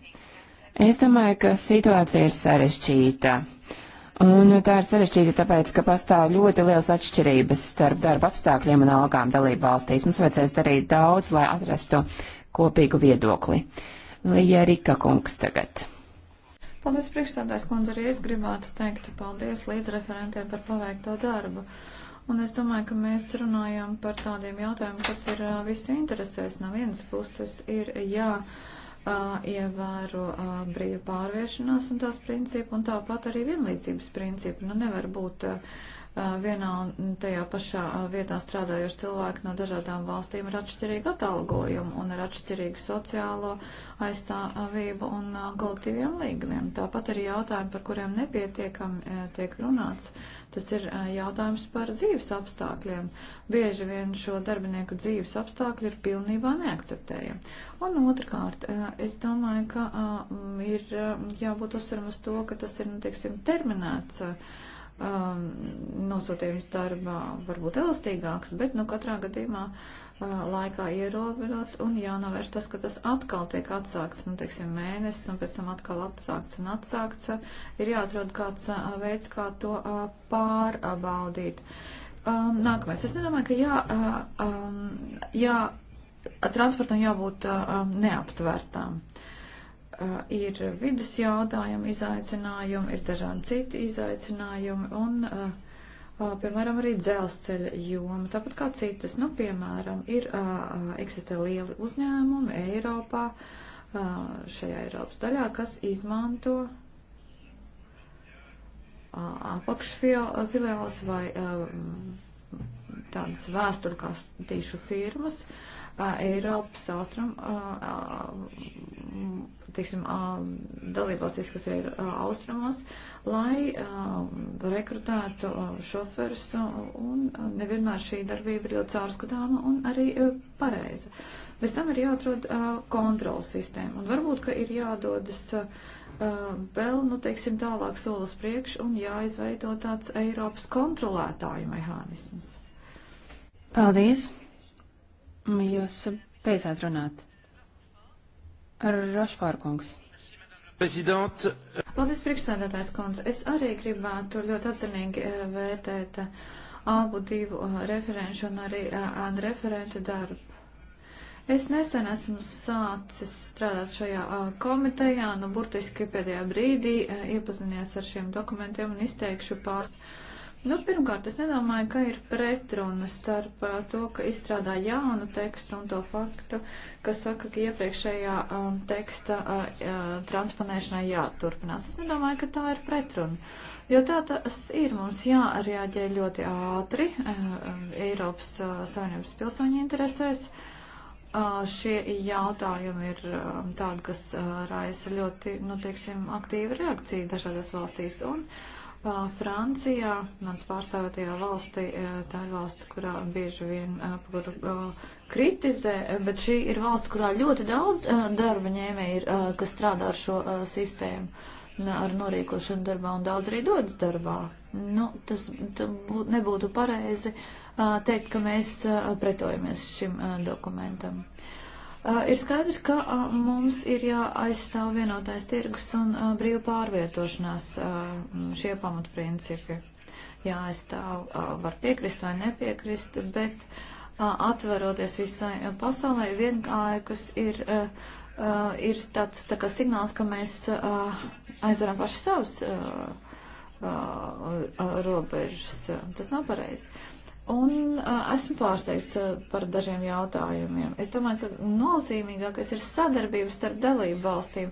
Es domāju, ka situācija ir sarežģīta. Un tā ir sarežģīta tāpēc, ka pastāv ļoti liels atšķirības starp darba apstākļiem un algām dalību valstīs. Mums vajadzēs darīt daudz, lai atrastu kopīgu viedokli. Lija Rika kungs tagad. Paldies, priekšstādājs kundze, arī es gribētu teikt paldies līdzreferentiem par paveikto darbu. Uh, Un es domāju, ka mēs runājam par tādiem jautājumiem, kas ir visu interesēs. No vienas puses ir jāievēro brīva pārviešanās un tās principu, un tāpat arī vienlīdzības principu. Nu, nevar būt vienā un tajā pašā vietā strādājoši cilvēki no dažādām valstīm ar atšķirīgu atalgojumu un ar atšķirīgu sociālo aizstāvību un kolektīviem līgumiem. Tāpat arī jautājumi, par kuriem nepietiekam tiek runāts Tas ir jautājums par dzīves apstākļiem. Bieži vien šo darbinieku dzīves apstākļi ir pilnībā neakceptējami. Un otrkārt, es domāju, ka ir jābūt uzsveram uz to, ka tas ir, nu, teiksim, terminēts um, nosūtījums darbā varbūt elastīgāks, bet nu katrā gadījumā uh, laikā ierobežots un jānovērš tas, ka tas atkal tiek atsākts, nu, teiksim, mēnesis un pēc tam atkal atsākts un atsākts. Uh, ir jāatrod kāds uh, veids, kā to uh, pārbaudīt. Um, nākamais. Es nedomāju, ka jā, uh, um, jā, transportam jābūt uh, um, neaptvērtām. Uh, ir vidas jautājumi, izaicinājumi, ir dažādi citi izaicinājumi un, piemēram, arī dzelzceļa joma. Tāpat kā citas, nu, piemēram, ir eksistē lieli uzņēmumi Eiropā, šajā Eiropas daļā, kas izmanto apakšfiliāls vai tādas vēsturu kastīšu firmas. Uh, Eiropas austrum, tiksim, dalībvalstīs, kas ir austrumos, lai rekrutētu šoferus, un nevienmēr šī darbība ir ļoti caurskatāma un arī pareiza. Bez tam ir jāatrod kontrols sistēma, un varbūt, ka ir jādodas vēl, nu, teiksim, tālāk solis priekš un jāizveido tāds Eiropas kontrolētāju mehānisms. Paldies! Jūs beidzāt runāt. Rošvārkungs. Prezident. Paldies, priekšstādātājs kundze. Es arī gribētu ļoti atzinīgi eh, vērtēt eh, abu divu eh, referenšu un arī ān referentu darbu. Es nesen esmu sācis strādāt šajā komitejā, nu burtiski pēdējā brīdī iepazinies ar šiem dokumentiem un izteikšu pāris. Uh, Nu, pirmkārt, es nedomāju, ka ir pretruna starp uh, to, ka izstrādā jaunu tekstu un to faktu, ka saka, ka iepriekšējā um, teksta uh, transponēšanai jāturpinās. Es nedomāju, ka tā ir pretruna, jo tā tas ir. Mums jārēģē ļoti ātri uh, um, Eiropas uh, Savienības pilsoņu interesēs. Uh, šie jautājumi ir um, tādi, kas uh, raisa ļoti, nu, teiksim, aktīvu reakciju dažādās valstīs. Un, uh, Francijā, mans pārstāvētajā valstī, eh, tā ir valsts, kurā bieži vien kuru, eh, eh, kritizē, bet šī ir valsts, kurā ļoti daudz darba ņēmēji ir, kas strādā ar šo sistēmu ar norīkošanu darbā un daudz arī dodas darbā. Nu, tas būt, nebūtu pareizi teikt, ka mēs pretojamies šim dokumentam. Uh, Ir skaidrs, ka mums ir jāaizstāv vienotais tirgus un brīva pārvietošanās šie pamatprincipi. Jāaizstāv, var piekrist vai nepiekrist, bet atveroties visai pasaulē, vienkārkus ir, ir tāds tā kā signāls, ka mēs aizveram paši savus robežas. Tas nav pareizi. Un uh, esmu pārsteigts uh, par dažiem jautājumiem. Es domāju, ka nozīmīgākais ir sadarbība starp dalību valstīm.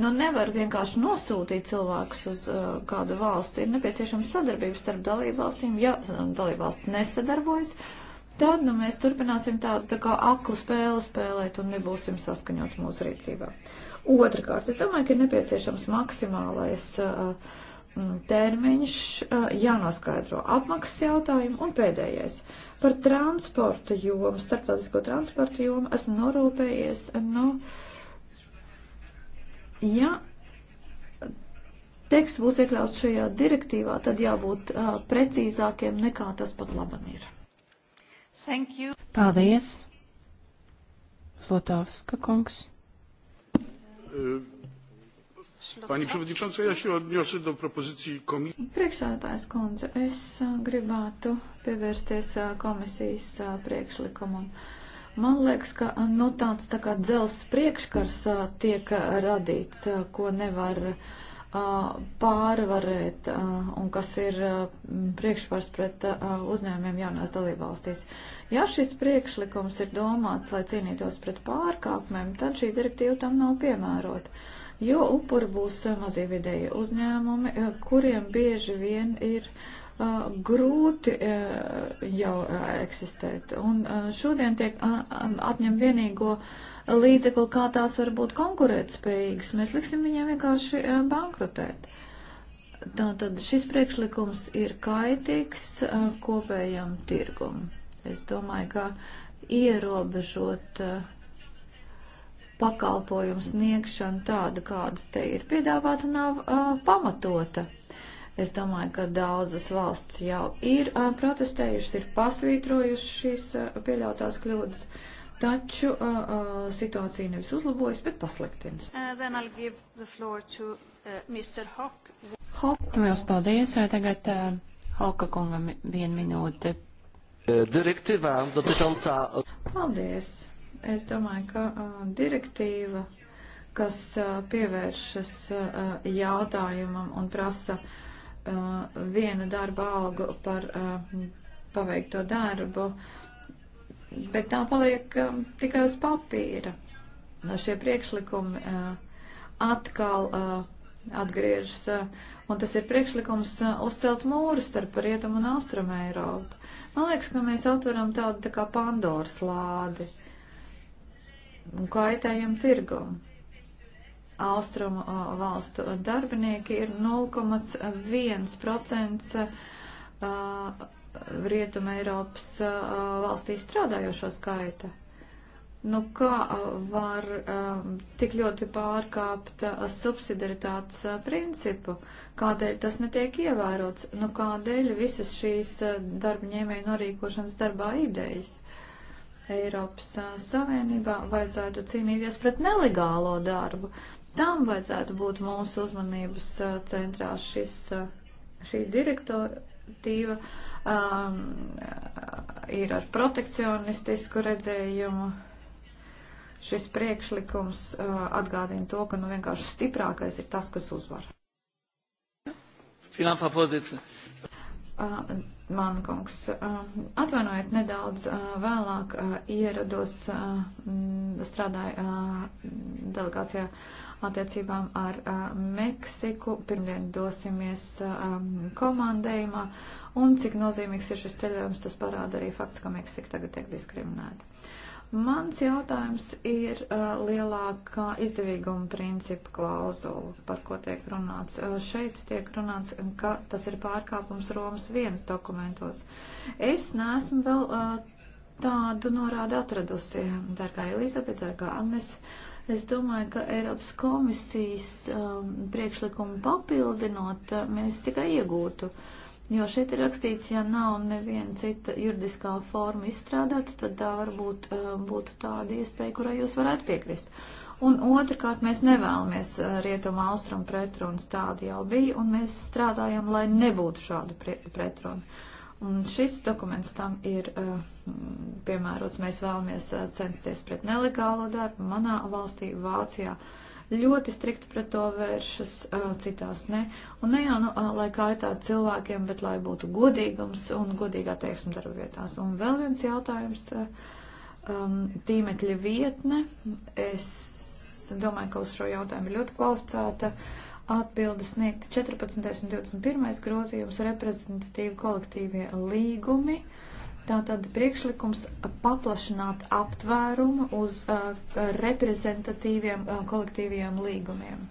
Nu, nevar vienkārši nosūtīt cilvēkus uz uh, kādu valsti. Ir nepieciešama sadarbība starp dalību valstīm. Ja dalību valsts nesadarbojas, tad nu, mēs turpināsim tādu tā kā aklu spēli spēlēt un nebūsim saskaņot mūsu rīcībā. Otrakārt, es domāju, ka ir nepieciešams maksimālais. Uh, Mm, termiņš jānoskaidro apmaksas jautājumu un pēdējais. Par transporta jomu, starptautisko transporta jomu esmu norūpējies, nu, ja teksts būs iekļauts šajā direktīvā, tad jābūt uh, precīzākiem nekā tas pat laban ir. Thank you. Paldies. Zlatovska kungs. Uh Pani Przewodnicząca, ja się odniosę do propozycji komisijas. Priekšsēdētājs kundze, es uh, gribētu pievērsties uh, komisijas uh, priekšlikumam. Man liekas, ka nu, tāds tā kā dzels priekškars tiek radīts, ko nevar pārvarēt un kas ir priekšpārs pret uzņēmumiem jaunās dalībvalstīs. Ja šis priekšlikums ir domāts, lai cīnītos pret pārkāpumiem, tad šī direktīva tam nav piemērota jo upuri būs eh, mazie vidēji uzņēmumi, eh, kuriem bieži vien ir uh, grūti uh, jau uh, eksistēt. Un šodien tiek atņem vienīgo līdzekli, kā tās var būt konkurētspējīgas. Mēs liksim viņiem vienkārši bankrotēt. Tātad šis priekšlikums ir kaitīgs kopējam tirgum. Es domāju, ka ierobežot uh, pakalpojumu sniegšana tāda, kāda te ir piedāvāta, nav uh, pamatota. Es domāju, ka daudzas valsts jau ir uh, protestējušas, ir pasvītrojušas šīs uh, pieļautās kļūdas, taču uh, uh, situācija nevis uzlabojas, bet pasliktinas. Uh, to, uh, Hawk. Hawk. Lielas paldies. Tagad uh, Hoka kungam vienu minūti. Direktīvā dotycząca. Paldies. Es domāju, ka direktīva, kas pievēršas jautājumam un prasa viena darba algu par paveikto darbu, bet tā paliek tikai uz papīra. Šie priekšlikumi atkal atgriežas, un tas ir priekšlikums uzcelt mūru starp rietumu un austrumu Eiropu. Man liekas, ka mēs atveram tādu tā kā Pandoras lādi. Uh, un kaitējam tirgumu. Austrumu valstu darbinieki ir 0,1% Rietuma Eiropas valstī strādājošo skaita. Nu, kā var tik ļoti pārkāpt subsidiaritātes principu? Kādēļ tas netiek ievērots? Nu, kādēļ visas šīs darba ņēmēju norīkošanas darbā idejas? Eiropas Savienībā vajadzētu cīnīties pret nelegālo darbu. Tam vajadzētu būt mūsu uzmanības centrā šis, šī direktīva um, ir ar protekcionistisku redzējumu. Šis priekšlikums uh, atgādina to, ka nu vienkārši stiprākais ir tas, kas uzvar. Vielen Dank, Frau Vorsitzende man kungs. Atvainojiet, nedaudz vēlāk ierados, strādāju delegācijā attiecībām ar Meksiku. Pirmdien dosimies komandējumā. Un cik nozīmīgs ir šis ceļojums, tas parāda arī fakts, ka Meksika tagad tiek diskriminēta. Mans jautājums ir uh, lielākā izdevīguma principa klauzula, par ko tiek runāts. Uh, šeit tiek runāts, ka tas ir pārkāpums Romas vienas dokumentos. Es neesmu vēl uh, tādu norādu atradusi, dārgā Elizabete, dārgā Agnes. Es domāju, ka Eiropas komisijas um, priekšlikumu papildinot, uh, mēs tikai iegūtu. Uh, Jo šeit ir rakstīts, ja nav neviena cita juridiskā forma izstrādāta, tad tā varbūt eh, būtu tāda iespēja, kurai jūs varētu piekrist. Un otrkārt, mēs nevēlamies eh, rietumu austrumu pretrunas, tāda jau bija, un mēs strādājam, lai nebūtu šādu pretrunu. Un šis dokuments tam ir eh, piemērots. Mēs vēlamies censties pret nelegālo darbu manā valstī, Vācijā. Uh, ļoti strikti pret to vēršas, uh, citās ne. Un ne jau, nu, uh, lai kaitātu cilvēkiem, bet lai būtu godīgums un godīgā teiksma darba vietās. Un vēl viens jautājums. Uh, um, tīmekļa vietne. Es domāju, ka uz šo jautājumu ir ļoti kvalificēta atbildes sniegt 14. un 21. grozījums reprezentatīvi kolektīvie līgumi Tātad priekšlikums paplašināt aptvērumu uz uh, reprezentatīviem uh, kolektīviem līgumiem.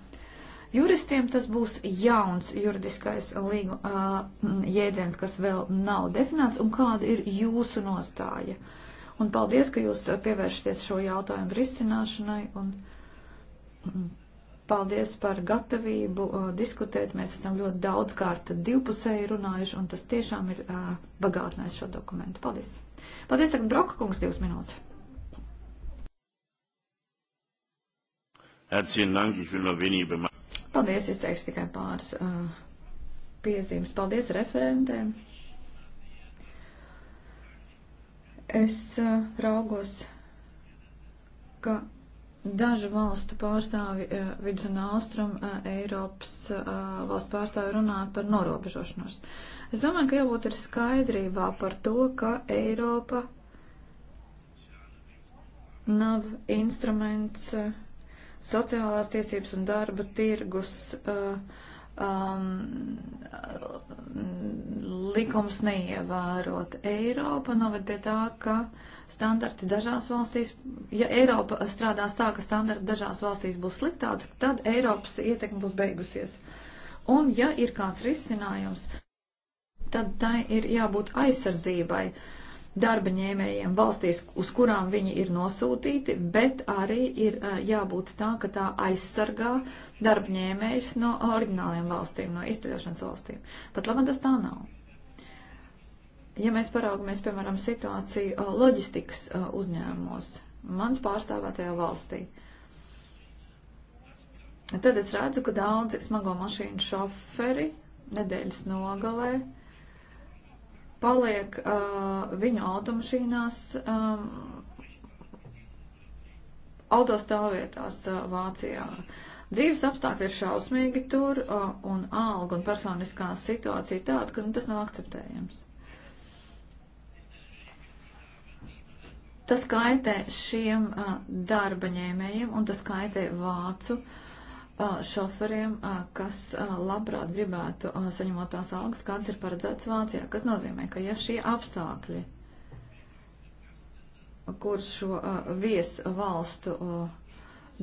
Juristiem tas būs jauns juridiskais līgu, uh, jēdziens, kas vēl nav definēts, un kāda ir jūsu nostāja. Un paldies, ka jūs pievēršaties šo jautājumu risināšanai. Un, mm, Paldies par gatavību uh, diskutēt. Mēs esam ļoti daudz kārt divpusēji runājuši, un tas tiešām ir uh, bagātinājis šo dokumentu. Paldies. Paldies, tagad Broka kungs, divas minūtes. Paldies, izteikšu tikai pāris uh, piezīmes. Paldies referentēm. Es uh, raugos, ka Dažu valstu pārstāvi eh, vidus un austrum eh, Eiropas eh, valstu pārstāvi runā par norobežošanos. Es domāju, ka jābūt ir skaidrībā par to, ka Eiropa nav instruments sociālās tiesības un darba tirgus uh, um, likums neievērot. Eiropa noved nu, pie tā, ka standarti dažās valstīs, ja Eiropa strādās tā, ka standarti dažās valstīs būs sliktāki, tad Eiropas ietekme būs beigusies. Un ja ir kāds risinājums, tad tai ir jābūt aizsardzībai. Uh, darba ņēmējiem valstīs, uz kurām viņi ir nosūtīti, bet arī ir jābūt tā, ka tā aizsargā darba ņēmējus no oriģināliem valstīm, no izturēšanas valstīm. Pat labi, tas tā nav. Ja mēs paraugamies, piemēram, situāciju loģistikas uzņēmumos, mans pārstāvētajā valstī, tad es redzu, ka daudzi smago mašīnu šoferi nedēļas nogalē uh, paliek uh, viņu automašīnās, um, autostāvvietās uh, Vācijā. Dzīves apstākļi ir šausmīgi tur, uh, un alga un personiskā situācija ir tāda, ka nu, tas nav akceptējams. Tas kaitē šiem uh, darba ņēmējiem, un tas kaitē vācu uh, šoferiem, kas labprāt gribētu saņemot tās algas, kāds ir paredzēts Vācijā. Kas nozīmē, ka ja šie apstākļi, kur šo viesu valstu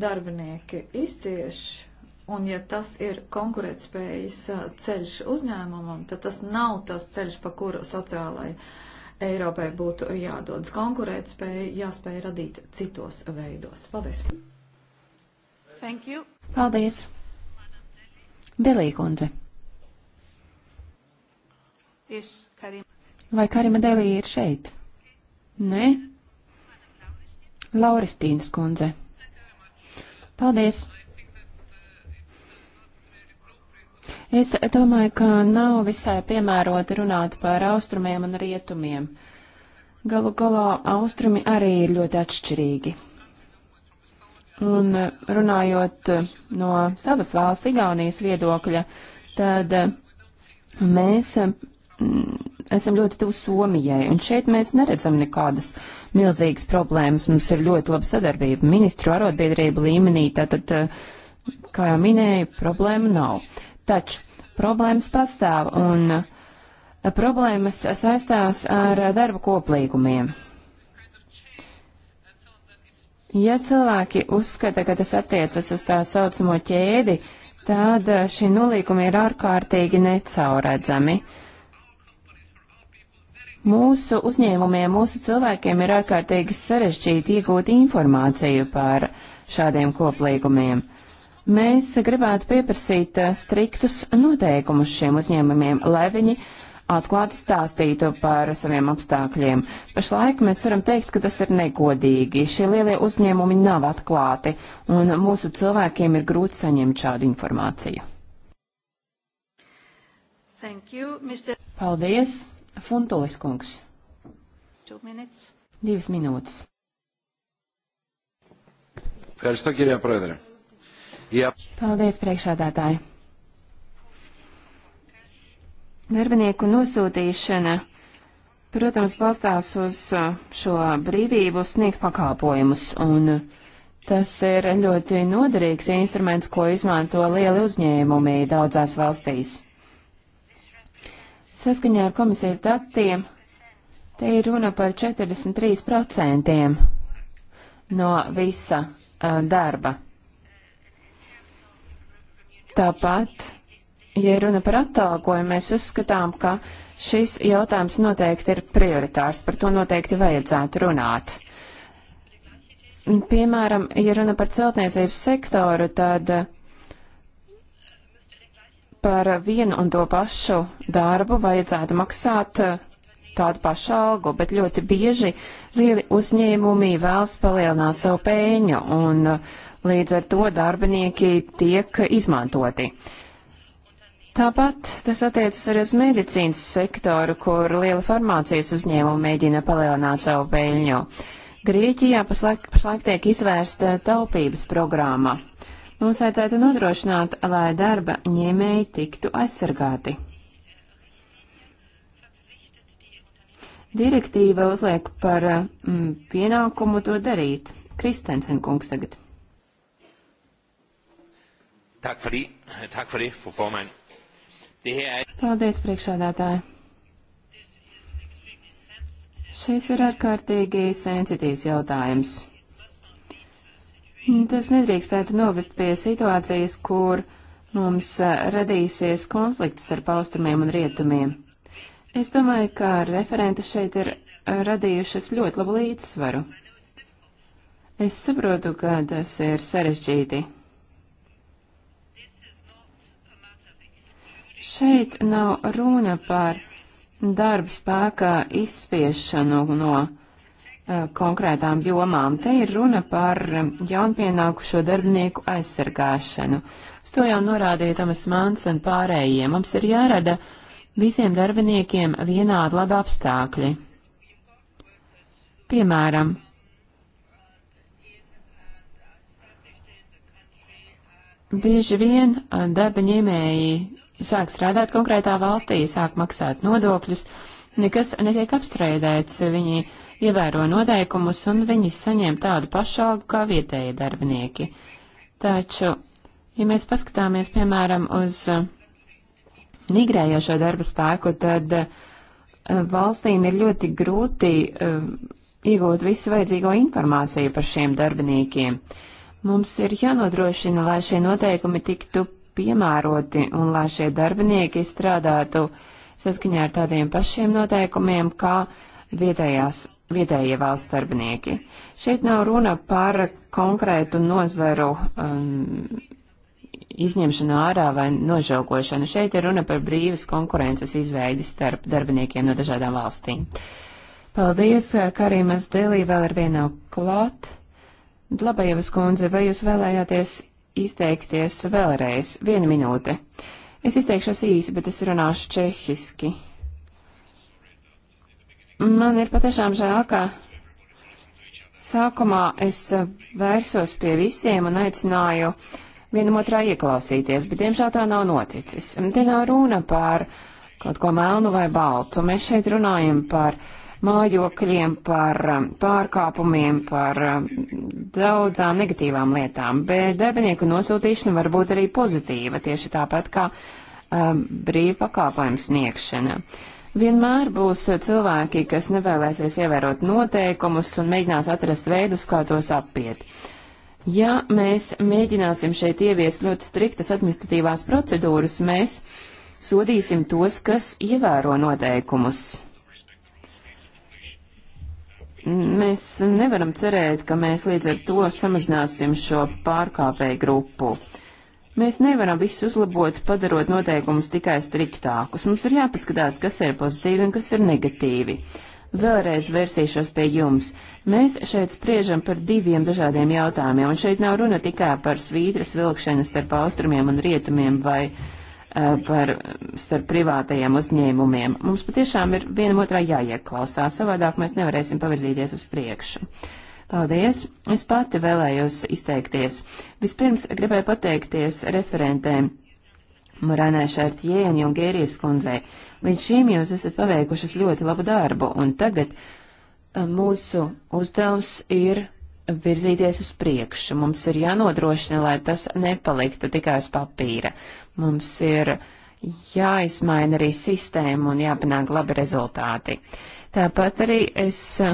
darbinieki izcieš, un ja tas ir konkurētspējas ceļš uzņēmumam, tad tas nav tas ceļš, pa kuru sociālai Eiropai būtu jādodas konkurētspēja, jāspēj radīt citos veidos. Paldies! Thank you. Paldies. Delī kundze. Yes, Karim. Vai Karima Delī ir šeit? Nē. Lauristīnas kundze. Paldies. Es domāju, ka nav visai piemēroti runāt par austrumiem un rietumiem. Galu galā austrumi arī ir ļoti atšķirīgi. Un eh, runājot eh, no savas valsts, Igaunijas viedokļa, tad eh, mēs mm, esam ļoti tuvu Somijai, un šeit mēs neredzam nekādas milzīgas problēmas. Mums ir ļoti laba sadarbība ministru arotbiedrību līmenī, tātad, kā jau minēju, problēma nav. Taču problēmas pastāv, un problēmas saistās ar darba koplīgumiem. Ja cilvēki uzskata, ka tas attiecas uz tā saucamo ķēdi, tad eh, šī nolīkuma ir ārkārtīgi necauredzami. Mūsu uzņēmumiem, mūsu cilvēkiem ir ārkārtīgi sarežģīti iegūt informāciju par šādiem koplīgumiem. Mēs gribētu pieprasīt eh, striktus noteikumus šiem uzņēmumiem, lai viņi uh, atklāti stāstītu par saviem apstākļiem. Pašlaik mēs varam teikt, ka tas ir negodīgi. Šie lielie uzņēmumi nav atklāti, un mūsu cilvēkiem ir grūti saņemt šādu informāciju. Thank you, Mr. Paldies, Funtulis kungs. Divas minūtes. Paldies, priekšādātāji darbinieku nosūtīšana, protams, balstās uz uh, šo brīvību sniegt pakāpojumus, un uh, tas ir ļoti noderīgs instruments, ko izmanto lieli uzņēmumi daudzās valstīs. Saskaņā ar komisijas datiem, te ir runa par 43% no visa uh, darba. Tāpat Ja runa par atalgojumu, mēs uzskatām, ka šis jautājums noteikti ir prioritārs, par to noteikti vajadzētu runāt. Piemēram, ja runa par celtniecības sektoru, tad par vienu un to pašu darbu vajadzētu maksāt eh, tādu pašu algu, bet ļoti bieži lieli uzņēmumi vēlas palielināt savu pēļņu un eh, līdz ar to darbinieki tiek izmantoti. Uh, Tāpat tas attiecas arī uz medicīnas sektoru, kur liela farmācijas uzņēmuma mēģina palielināt savu peļņu. Grieķijā pašlaik, pašlaik tiek izvērsta taupības programma. Mums vajadzētu nodrošināt, lai darba ņēmēji tiktu aizsargāti. Direktīva uzliek par mm, pienākumu to darīt. Kristensen kungs tagad. Tak for det, tak for det, fru formand. Paldies, priekšādātāji. Šis ir ārkārtīgi sensitīvs jautājums. Tas nedrīkstētu novest pie situācijas, kur mums eh, radīsies konflikts starp austrumiem un rietumiem. Es domāju, ka referenti šeit ir eh, radījušas ļoti labu līdzsvaru. Es saprotu, ka tas ir sarežģīti. Šeit nav runa par darba spēkā izspiešanu no uh, konkrētām jomām. Te ir runa par eh, jaunpienākušo darbinieku aizsargāšanu. Uz to jau norādīja Tomas Mans un pārējiem. Mums ir jārada visiem darbiniekiem vienādi labi apstākļi. Piemēram, bieži vien eh, darba ņēmēji sāk strādāt konkrētā valstī, sāk maksāt nodokļus, nekas netiek apstrēdēts, viņi ievēro noteikumus un viņi saņem tādu pašu algu kā vietējie darbinieki. Taču, ja mēs paskatāmies, piemēram, uz migrējošo darba spēku, tad eh, valstīm ir ļoti grūti eh, iegūt visu vajadzīgo informāciju par šiem darbiniekiem. Mums ir jānodrošina, lai šie noteikumi tiktu piemēroti un lai šie darbinieki strādātu saskaņā ar tādiem pašiem noteikumiem kā vietējās, vietējie valsts darbinieki. Šeit nav runa par konkrētu nozaru um, izņemšanu ārā vai nožaugošanu. Šeit ir runa par brīvas konkurences izveidi starp darbiniekiem no dažādām valstīm. Paldies, Karīmas Delī vēl ar vienu klāt. Labajavas kundze, vai jūs vēlējāties izteikties vēlreiz. Viena minūte. Es izteikšos īsi, bet es runāšu čehiski. Man ir patiešām žēl, ka sākumā es vērsos pie visiem un aicināju vienam otrā ieklausīties, bet diemžēl tā nav noticis. Te nav runa par kaut ko melnu vai baltu. Mēs šeit runājam par uh, mājokļiem, par um, pārkāpumiem, par um, daudzām negatīvām lietām, bet darbinieku nosūtīšana var būt arī pozitīva, tieši tāpat kā um, brīva pakāpojuma sniegšana. Vienmēr būs cilvēki, kas nevēlēsies ievērot noteikumus un mēģinās atrast veidus, kā tos apiet. Ja mēs mēģināsim šeit ieviest ļoti striktas administratīvās procedūras, mēs sodīsim tos, kas ievēro noteikumus. Mēs nevaram cerēt, ka mēs līdz ar to samazināsim šo pārkāpēju grupu. Mēs nevaram visu uzlabot, padarot noteikumus tikai striktākus. Mums ir jāpaskatās, kas ir pozitīvi un kas ir negatīvi. Vēlreiz vērsīšos pie jums. Mēs šeit spriežam par diviem dažādiem jautājumiem, un šeit nav runa tikai par svītras vilkšanu starp austrumiem un rietumiem vai uh, Eh, par starp privātajiem uzņēmumiem. Mums patiešām ir vienam otrā jāieklausās, savādāk mēs nevarēsim pavirzīties uz priekšu. Paldies! Es pati vēlējos izteikties. Vispirms gribēju pateikties referentēm Morānai Šārtjē un Jungērijas kundzei. Līdz šīm jūs esat paveikušas ļoti labu darbu, un tagad eh, mūsu uzdevums ir virzīties uz priekšu. Mums ir jānodrošina, lai tas nepaliktu tikai uz papīra. Mums ir jāizmaina arī sistēma un jāpanāk labi rezultāti. Tāpat arī es uh,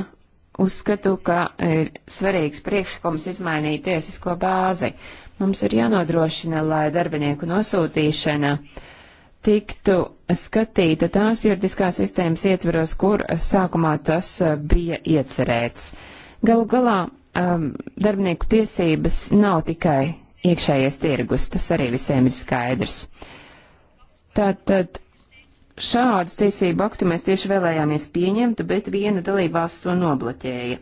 uzskatu, ka ir svarīgs priekšlikums izmainīt tiesisko bāzi. Mums ir jānodrošina, lai darbinieku nosūtīšana tiktu skatīta tās juridiskās sistēmas ietveros, kur sākumā tas uh, bija iecerēts. Galu galā um, darbinieku tiesības nav tikai iekšējais tirgus, tas arī visiem ir skaidrs. Tātad šādu tiesību aktu mēs tieši vēlējāmies pieņemt, bet viena dalībvalsts to nobloķēja.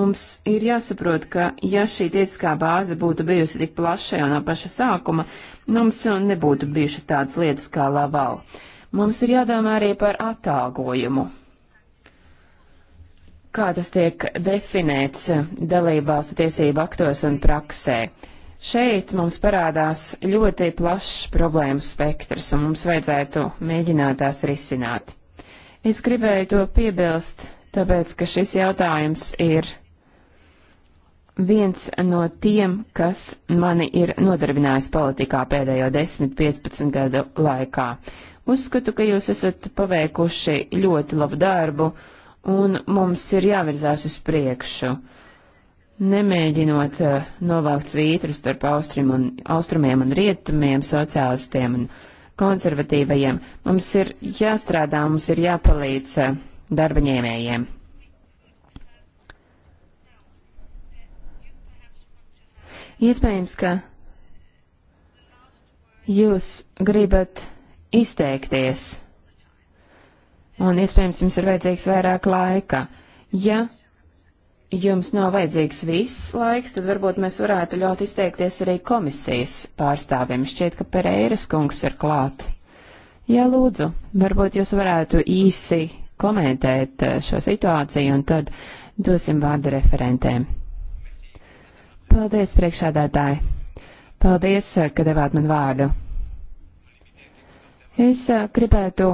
Mums ir jāsaprot, ka ja šī tiesiskā bāze būtu bijusi tik plaša jau no paša sākuma, mums nebūtu bijušas tādas lietas kā laval. Mums ir jādomā arī par atalgojumu. Kā tas tiek definēts dalībvalstu tiesību aktos un praksē? Šeit mums parādās ļoti plašs problēmu spektrs, un mums vajadzētu mēģināt tās risināt. Es gribēju to piebilst, tāpēc, ka šis jautājums ir viens no tiem, kas mani ir nodarbinājis politikā pēdējo 10-15 gadu laikā. Uzskatu, ka jūs esat paveikuši ļoti labu darbu, un mums ir jāvirzās uz priekšu nemēģinot uh, novākt svītru starp austrum un, austrumiem un rietumiem, sociālistiem un konservatīvajiem. Mums ir jāstrādā, mums ir jāpalīdz uh, eh, darbaņēmējiem. Iespējams, ka jūs gribat izteikties, un iespējams jums ir vajadzīgs vairāk laika. Ja jums nav vajadzīgs viss laiks, tad varbūt mēs varētu ļaut izteikties arī komisijas pārstāvjiem. Šķiet, ka Pereiras kungs ir klāt. Jā, lūdzu, varbūt jūs varētu īsi komentēt eh, šo situāciju un tad dosim vārdu referentēm. Paldies, priekšādātāji! Paldies, eh, ka devāt man vārdu. Es eh, gribētu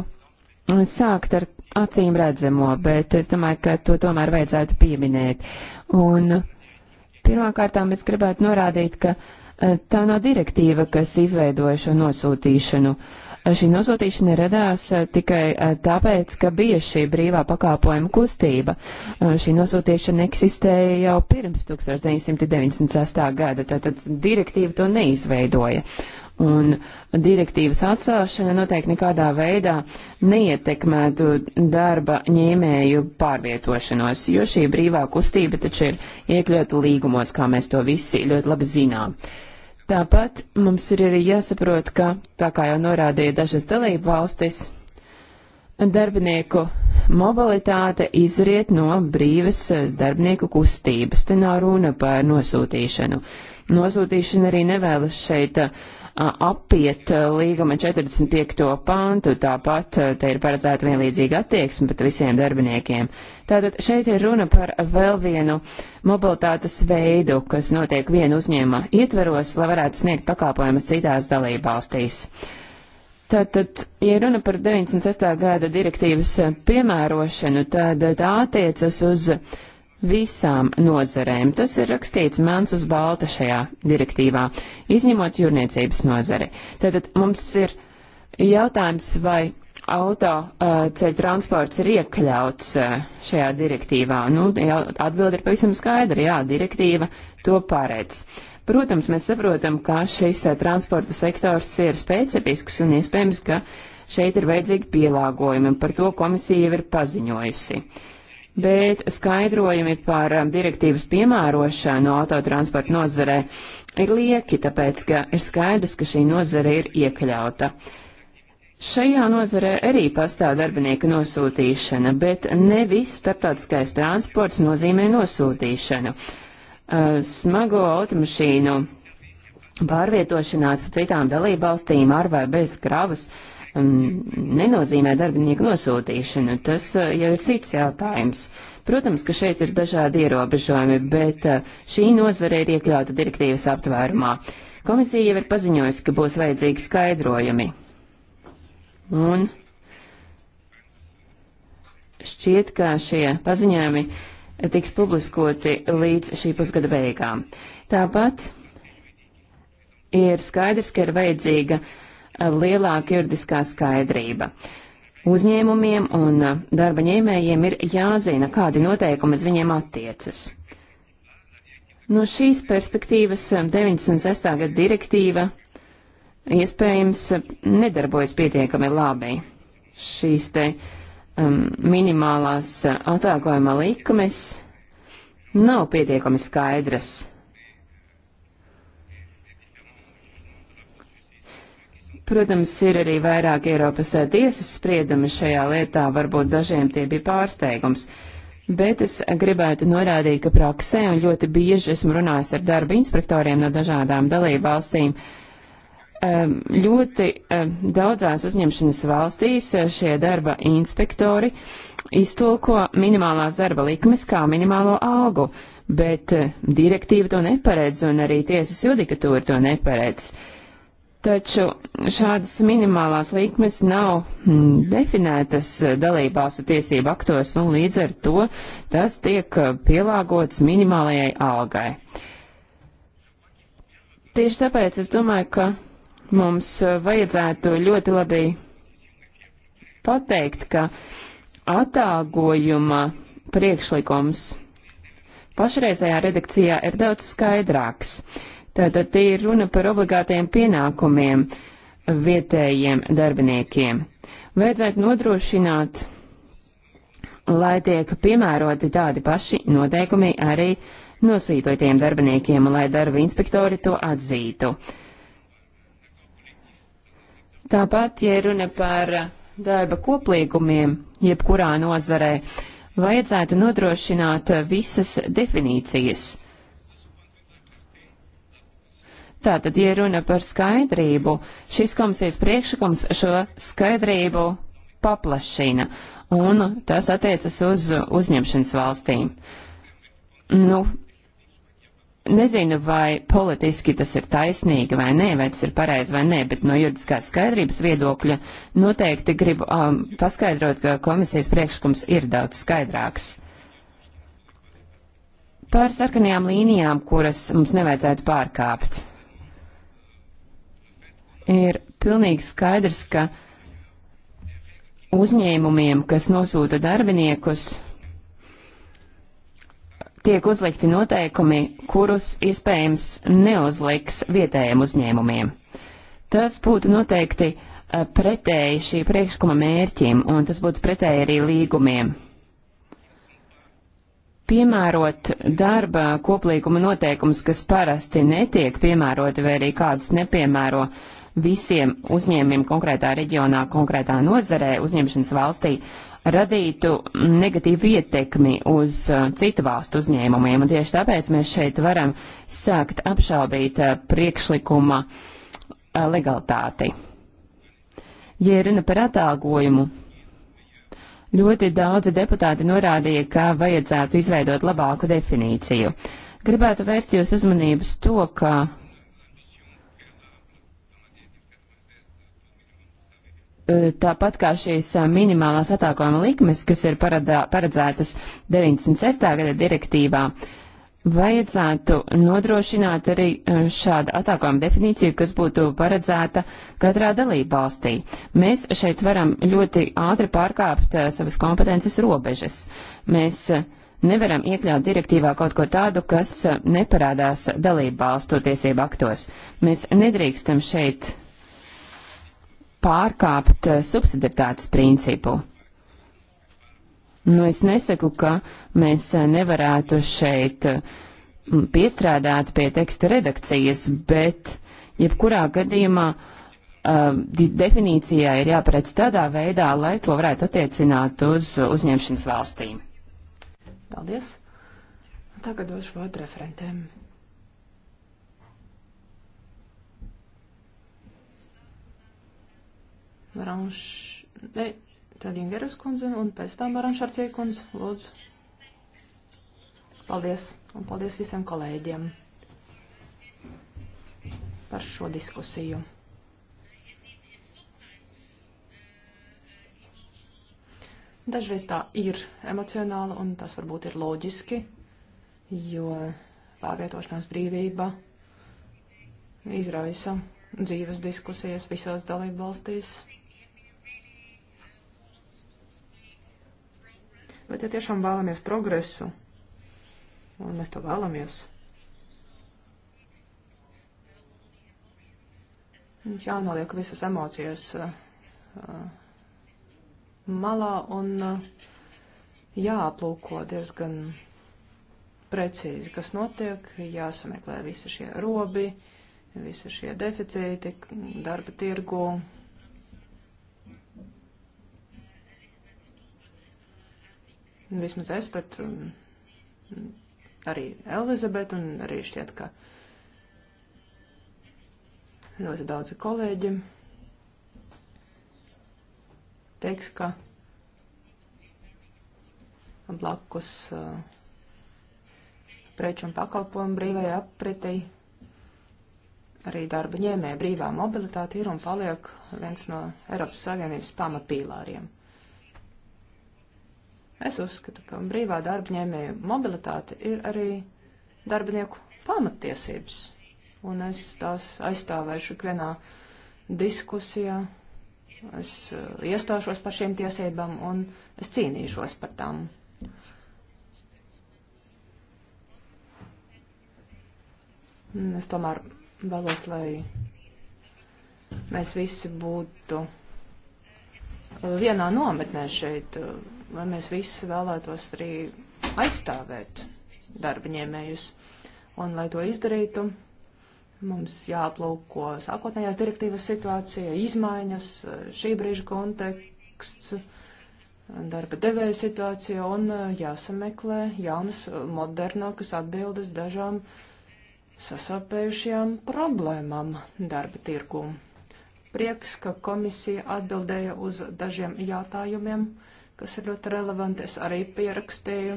sākt ar acīm redzamo, bet es domāju, ka to tomēr vajadzētu pieminēt. Un pirmkārtām es gribētu norādīt, ka eh, tā nav direktīva, kas izveidoja šo nosūtīšanu. Eh, šī nosūtīšana radās eh, tikai tāpēc, ka bija šī brīvā pakāpojuma kustība. Šī nosūtīšana eksistēja jau pirms 1998. gada, tātad direktīva to neizveidoja un direktīvas atcelšana noteikti nekādā veidā neietekmētu darba ņēmēju pārvietošanos, jo šī brīvā kustība taču ir iekļauta līgumos, kā mēs to visi ļoti labi zinām. Tāpat mums ir arī jāsaprot, ka, tā kā jau norādīja dažas dalību valstis, darbinieku mobilitāte izriet no brīvas darbinieku kustības. Te nav runa par nosūtīšanu. Nosūtīšana arī nevēlas šeit apiet līguma 45. pantu, tāpat te ir paredzēta vienlīdzīga attieksme pret visiem darbiniekiem. Tātad šeit ir runa par vēl vienu mobilitātes veidu, kas notiek vienu uzņēmuma ietveros, lai varētu sniegt pakalpojumus citās dalībvalstīs. Tātad, ja runa par 96. gada direktīvas piemērošanu, tad tā attiecas uz uh, visām nozarēm. Tas ir rakstīts mēns uz balta šajā direktīvā, izņemot jūrniecības nozari. Tātad mums ir jautājums, vai auto uh, ceļu transports ir iekļauts uh, šajā direktīvā. Nu, atbildi ir pavisam skaidra, jā, direktīva to paredz. Protams, mēs saprotam, ka šis uh, transporta sektors ir specifisks un iespējams, ka šeit ir vajadzīgi pielāgojumi, un par to komisija jau ir paziņojusi. Uh, bet skaidrojumi par um, direktīvas piemērošanu autotransporta nozarē ir lieki, tāpēc, ka ir skaidrs, ka šī nozare ir iekļauta. Šajā nozarē arī pastāv darbinieka nosūtīšana, bet ne viss starptautiskais transports nozīmē nosūtīšanu. Uh, smago automašīnu pārvietošanās pa citām dalībvalstīm ar vai bez kravas Um, nenozīmē darbinieku nosūtīšanu. Tas uh, jau ir cits jautājums. Protams, ka šeit ir dažādi ierobežojumi, bet uh, šī nozare ir iekļauta direktīvas aptvērumā. Komisija jau ir paziņojusi, ka būs vajadzīgi skaidrojumi. Un šķiet, ka šie paziņojumi tiks publiskoti līdz šī pusgada beigām. Tāpat ir skaidrs, ka ir vajadzīga uh, lielāka juridiskā skaidrība. Uzņēmumiem un darba ņēmējiem ir jāzina, kādi noteikumi uz viņiem attiecas. No šīs perspektīvas 96. Eh, gada direktīva iespējams eh, nedarbojas pietiekami labi. Šīs te um, minimālās eh, atalgojuma likmes nav pietiekami skaidras Protams, ir arī vairāk Eiropas eh, tiesas spriedumi šajā lietā, varbūt dažiem tie bija pārsteigums. Bet es gribētu norādīt, ka praksē un ļoti bieži esmu runājis ar darba inspektoriem no dažādām dalību valstīm. Ehm, ļoti ehm, daudzās uzņemšanas valstīs eh, šie darba inspektori iztulko minimālās darba likmes kā minimālo algu, bet eh, direktīva to neparedz un arī tiesas judikatūra to neparedz. Uh, Taču šādas minimālās likmes nav mm, definētas eh, dalībāsu tiesību aktos, un līdz ar to tas tiek eh, pielāgots minimālajai algai. Tieši tāpēc es domāju, ka mums eh, vajadzētu ļoti labi pateikt, ka atāgojuma priekšlikums pašreizējā redakcijā ir daudz skaidrāks. Uh, Tātad tie ir runa par obligātiem pienākumiem vietējiem darbiniekiem. Vajadzētu nodrošināt, lai tiek piemēroti tādi paši noteikumi arī nosītotajiem darbiniekiem, lai darba inspektori to atzītu. Tāpat, ja runa par darba koplīgumiem, jebkurā nozarē, vajadzētu nodrošināt visas definīcijas. Tātad, ja runa par skaidrību, šis komisijas priekšlikums šo skaidrību paplašina, un tas attiecas uz uzņemšanas valstīm. Nu, nezinu, vai politiski tas ir taisnīgi vai nē, vai tas ir pareizi vai nē, bet no juridiskās skaidrības viedokļa noteikti gribu um, paskaidrot, ka komisijas priekšlikums ir daudz skaidrāks. Par sarkanajām līnijām, kuras mums nevajadzētu pārkāpt ir pilnīgi skaidrs, ka uzņēmumiem, kas nosūta darbiniekus, tiek uzlikti noteikumi, kurus iespējams neuzliks vietējiem uzņēmumiem. Tas būtu noteikti eh, pretēji šī priekšlikuma mērķim, un tas būtu pretēji arī līgumiem. Piemērot darba koplīguma noteikums, kas parasti netiek piemēroti vai arī kādus nepiemēro, uh, visiem uzņēmiem konkrētā reģionā, konkrētā nozarē, uzņemšanas valstī radītu negatīvu ietekmi uz uh, citu valstu uzņēmumiem. Un tieši tāpēc mēs šeit varam sākt apšaubīt uh, priekšlikuma uh, legalitāti. Ja runa par atalgojumu, ļoti daudzi deputāti norādīja, ka vajadzētu izveidot labāku definīciju. Gribētu vērst jūs uzmanības to, ka Eh, tāpat kā šīs eh, minimālās atalgojuma likmes, kas ir paradā, paredzētas 96. gada direktīvā, vajadzētu nodrošināt arī eh, šādu atalgojuma definīciju, kas būtu paredzēta katrā dalībvalstī. Mēs šeit varam ļoti ātri pārkāpt savas kompetences robežas. Mēs nevaram iekļaut direktīvā kaut ko tādu, kas neparādās dalību valstu tiesību aktos. Mēs nedrīkstam šeit pārkāpt eh, subsidiaritātes principu. Nu, es nesaku, ka mēs eh, nevarētu šeit eh, piestrādāt pie teksta redakcijas, bet jebkurā gadījumā uh, definīcijā ir jāparedz tādā veidā, lai to varētu attiecināt uz uzņemšanas valstīm. Paldies! Tagad došu vārdu referentēm. Varanš... Ne, tad Ingeras kundze un pēc tam Varanšartie kundze. Lūdzu. Paldies. Un paldies visiem kolēģiem par šo diskusiju. Dažreiz tā ir emocionāla, un tas varbūt ir loģiski, jo pārvietošanās brīvība izraisa dzīves diskusijas visās dalību valstīs. Bet, ja tiešām vēlamies progresu, un mēs to vēlamies, jānoliek visas emocijas uh, uh, malā un uh, jāaplūko diezgan precīzi, kas notiek, jāsameklē visi šie robi, visi šie deficīti darba tirgu, Vismaz es, bet um, arī Elizabete un arī šķiet, ka ļoti daudzi kolēģi teiks, ka blakus uh, preču un pakalpojumu brīvai apritei arī darba ņēmē brīvā mobilitāte ir un paliek viens no Eiropas Savienības pamatpīlāriem. Es uzskatu, ka brīvā darba ņēmēja mobilitāte ir arī darbinieku pamatiesības, un es tās aizstāvēšu ikvienā diskusijā. Es uh, iestāšos par šīm tiesībām un es cīnīšos par tām. Es tomēr vēlos, lai mēs visi būtu vienā nometnē šeit. Uh, lai mēs visi vēlētos arī aizstāvēt darbaņēmējus. Un, lai to izdarītu, Mums jāaplūko sākotnējās direktīvas situācija, izmaiņas, šī brīža konteksts, darba devēja situācija un jāsameklē jaunas, modernākas atbildes dažām sasāpējušajām problēmām darba tirgū. Prieks, ka komisija atbildēja uz dažiem jautājumiem. Uh, kas ir ļoti relevanti. Es arī pierakstīju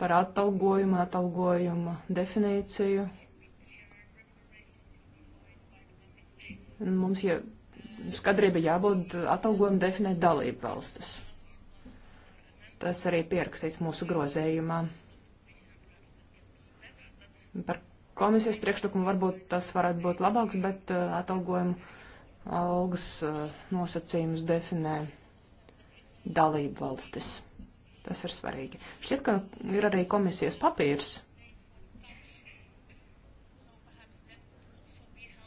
par atalgojumu, atalgojumu definīciju. Mums jau skadrība jābūt atalgojumu definēt dalību valstis. Tas arī pierakstīts mūsu grozējumā. Par komisijas priekšlikumu varbūt tas varētu būt labāks, bet uh, atalgojumu algas eh, nosacījumus definē dalību valstis. Tas ir svarīgi. Šķiet, ka ir arī komisijas papīrs,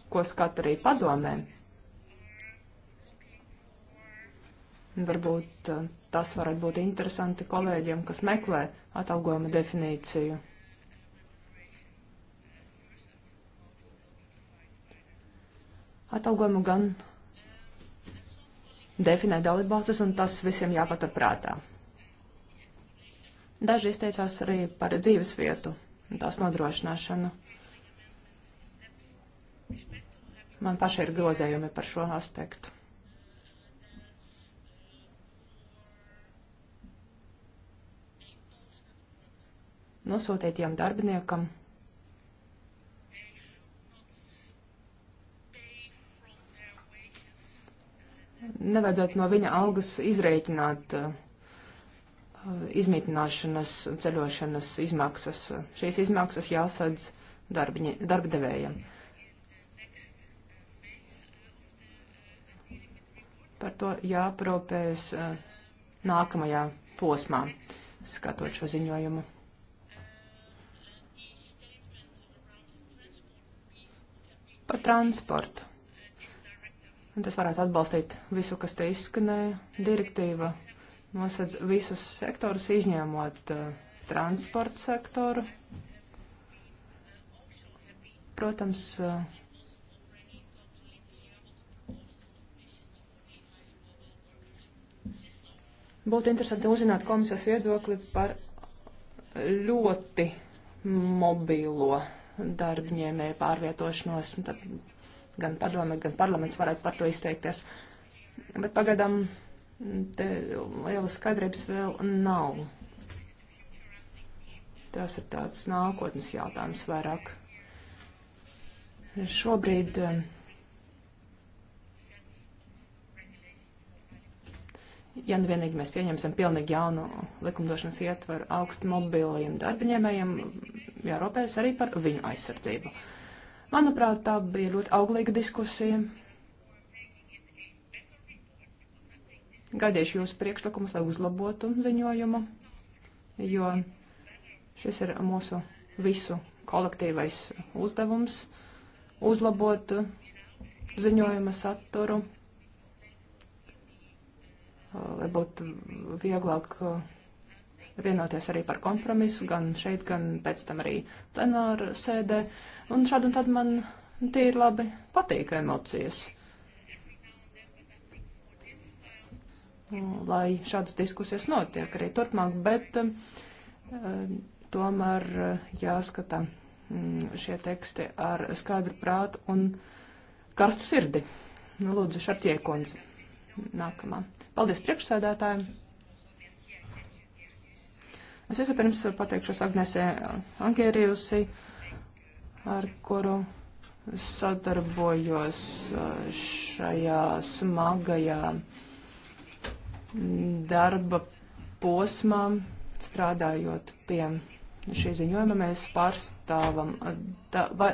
ko skat arī padomē. Varbūt eh, tas varētu būt interesanti kolēģiem, kas meklē atalgojuma definīciju. atalgojumu, gan definē dalībvalstis, un tas visiem jāpatur prātā. Daži izteicās arī par dzīves vietu un tās nodrošināšanu. Man pašai ir grozējumi par šo aspektu. Nosūtītiem darbiniekam Nevajadzētu no viņa algas izreikināt uh, izmitināšanas un ceļošanas izmaksas. Šīs izmaksas jāsadz darbiņi, darbdevējiem. Par to jāprūpējas uh, nākamajā posmā, skatot šo ziņojumu. Par transportu. Un tas varētu atbalstīt visu, kas te izskanēja. Direktīva nosedz visus sektorus, izņēmot uh, transporta sektoru. Protams, uh, būtu interesanti uzzināt komisijas viedokli par ļoti mobīlo darbņēmēju pārvietošanos. Tad gan padome, gan parlaments varētu par to izteikties. Bet pagaidām mm, te lielas skaidrības vēl nav. Tas ir tāds nākotnes jautājums vairāk. Šobrīd mm, ja nu vienīgi mēs pieņemsim pilnīgi jaunu likumdošanas ietvaru augstu mobiliem darbiņēmējiem, mm, jārūpējas arī par viņu aizsardzību. Uh, Manuprāt, tā bija ļoti auglīga diskusija. Gaidīšu jūsu priekšlikumus, lai uzlabotu ziņojumu, jo šis ir mūsu visu kolektīvais uzdevums - uzlabot ziņojuma saturu, lai būtu vieglāk uh, vienoties arī par kompromisu, gan šeit, gan pēc tam arī plenāra sēdē. Un šādi un tad man tīri labi patīk emocijas. Nu, lai šādas diskusijas notiek arī turpmāk, bet uh, tomēr uh, jāskata mm, šie teksti ar skaidru prātu un karstu sirdi. Nu, lūdzu, Šartiekundze, nākamā. Paldies priekšsēdētājiem! Es vispirms pateikšos Agnesē Angērijusi, ar kuru sadarbojos uh, šajā smagajā darba posmā, strādājot pie šī ziņojuma. Mēs pārstāvam uh, da, vai,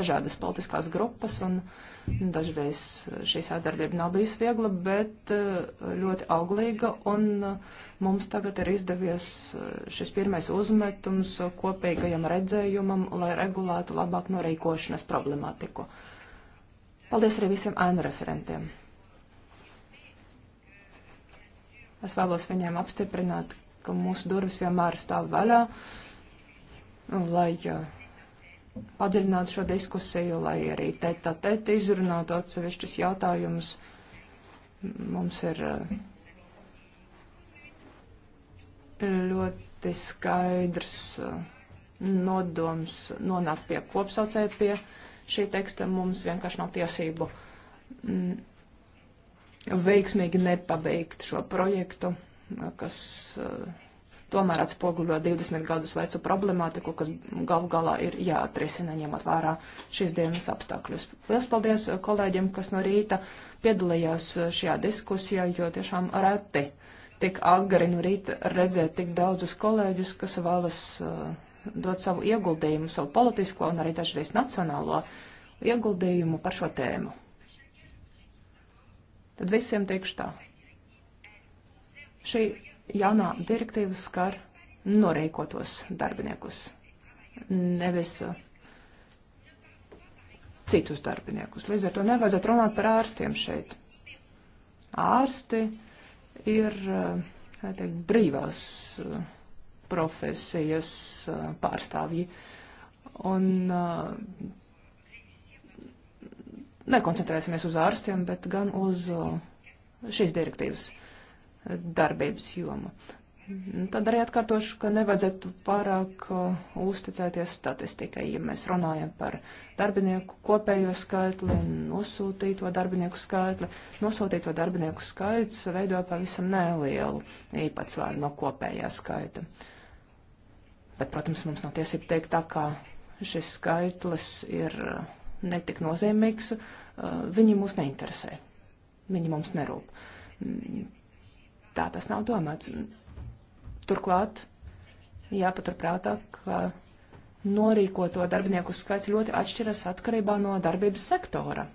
dažādas politiskās grupas un uh, Dažreiz eh, šī sadarbība nav bijusi viegla, bet eh, ļoti auglīga, un eh, mums tagad ir izdevies šis pirmais uzmetums kopīgajam redzējumam, lai regulētu labāk norīkošanas problemātiku. Paldies arī visiem ēnu referentiem. Es vēlos viņiem apstiprināt, ka mūsu durvis vienmēr stāv vaļā, lai uh, padziļinātu šo diskusiju, lai arī tētā tēt izrunātu atsevišķus jautājumus. Mums ir eh, ļoti skaidrs eh, nodoms nonākt pie kopsaucēja pie šī teksta. Mums vienkārši nav tiesību mm, veiksmīgi nepabeigt šo projektu, kas uh, tomēr atspoguļo 20 gadus vecu problemātiku, kas galu galā ir jāatrisina, ņemot vērā šīs dienas apstākļus. Lielas paldies kolēģiem, kas no rīta piedalījās šajā diskusijā, jo tiešām reti tik agri no rīta redzēt tik daudzus kolēģus, kas vēlas uh, dot savu ieguldījumu, savu politisko un arī dažreiz nacionālo ieguldījumu par šo tēmu. Tad visiem teikšu tā. Šī jaunā direktīva skar norēkotos darbiniekus, nevis uh, citus darbiniekus. Līdz ar to nevajadzētu runāt par ārstiem šeit. Ārsti ir uh, teikt, brīvās uh, profesijas pārstāvji un nekoncentrēsimies uz ārstiem, bet gan uz šīs direktīvas darbības jomu. Nu, tad arī atkārtošu, ka nevajadzētu pārāk uh, uzticēties statistikai, ja mēs runājam par darbinieku kopējo skaitli, nosūtīto darbinieku skaitli. Nosūtīto darbinieku skaits veido pavisam nelielu īpatsvaru no kopējā skaita. Bet, protams, mums nav tiesība teikt tā, kā šis skaitlis ir uh, netik nozīmīgs, uh, viņi mūs neinteresē, viņi mums nerūp mm, tā tas nav domāts. Turklāt jāpaturprātā, ka norīkoto darbinieku skaits ļoti atšķiras atkarībā no darbības sektora.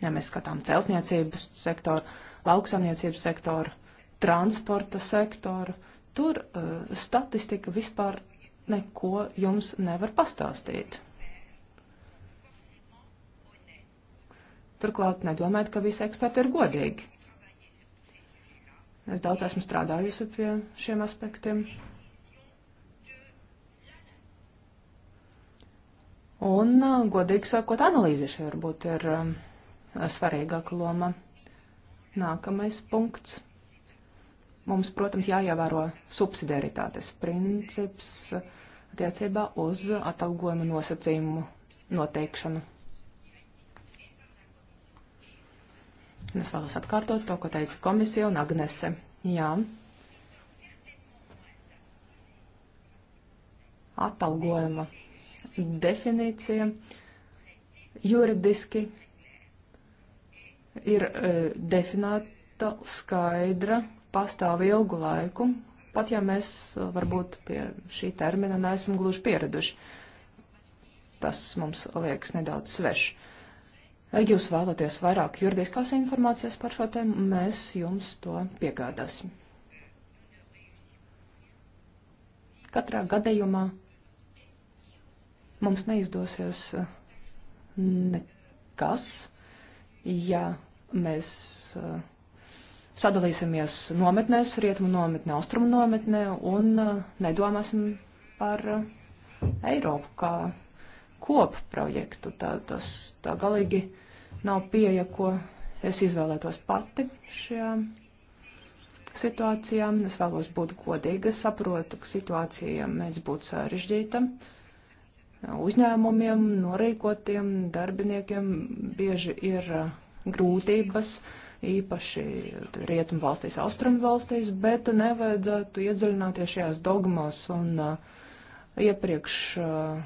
Ja mēs skatām celtniecības sektoru, lauksamniecības sektoru, transporta sektoru, tur uh, statistika vispār neko jums nevar pastāstīt. Turklāt nedomājiet, ka visi eksperti ir godīgi. Es daudz esmu strādājusi pie šiem aspektiem. Un, uh, godīgi sakot, analīze šeit varbūt ir um, svarīgāka loma. Nākamais punkts. Mums, protams, jāievēro subsidiaritātes princips attiecībā uz atalgojuma nosacījumu noteikšanu. Un es vēlos atkārtot to, ko teica komisija un Agnese. Jā. Atalgojuma definīcija juridiski ir e, definēta skaidra, pastāv ilgu laiku, pat ja mēs e, varbūt pie šī termina neesam gluži pieraduši. Tas mums liekas nedaudz svešs jūs vēlaties vairāk juridiskās informācijas par šo tēmu, mēs jums to piegādāsim. Katrā gadījumā mums neizdosies eh, nekas, ja mēs eh, sadalīsimies nometnēs, rietumu nometnē, austrumu nometnē un eh, nedomāsim par Eiropu kā kopprojektu. Tā, tas tā galīgi nav pieeja, ko es izvēlētos pati šajā situācijā. Es vēlos būt godīga, saprotu, ka situācija mēdz būt sarežģīta. Uzņēmumiem, norīkotiem darbiniekiem bieži ir uh, grūtības, īpaši rietumu valstīs, austrumu valstīs, bet nevajadzētu iedziļināties šajās dogmās un uh, iepriekš uh,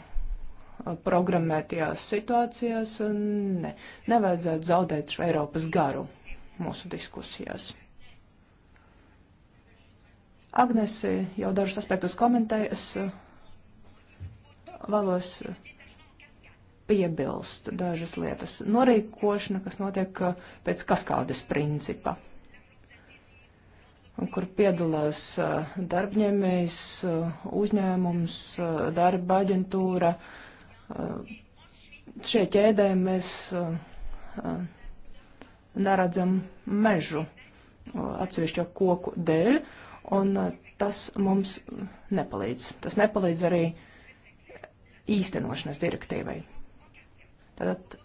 programmētajās situācijās. Ne, nevajadzētu zaudēt šo Eiropas garu mūsu diskusijās. Agnesi jau dažus aspektus komentēja. Es uh, vēlos uh, piebilst dažas lietas. Norīkošana, kas notiek uh, pēc kaskādes principa, kur piedalās darbņēmējs, uzņēmums, darba aģentūra, uh, šie ķēdē mēs uh, uh, neredzam mežu uh, atsevišķo koku dēļ, un tas mums nepalīdz. Tas nepalīdz arī īstenošanas direktīvai. Tātad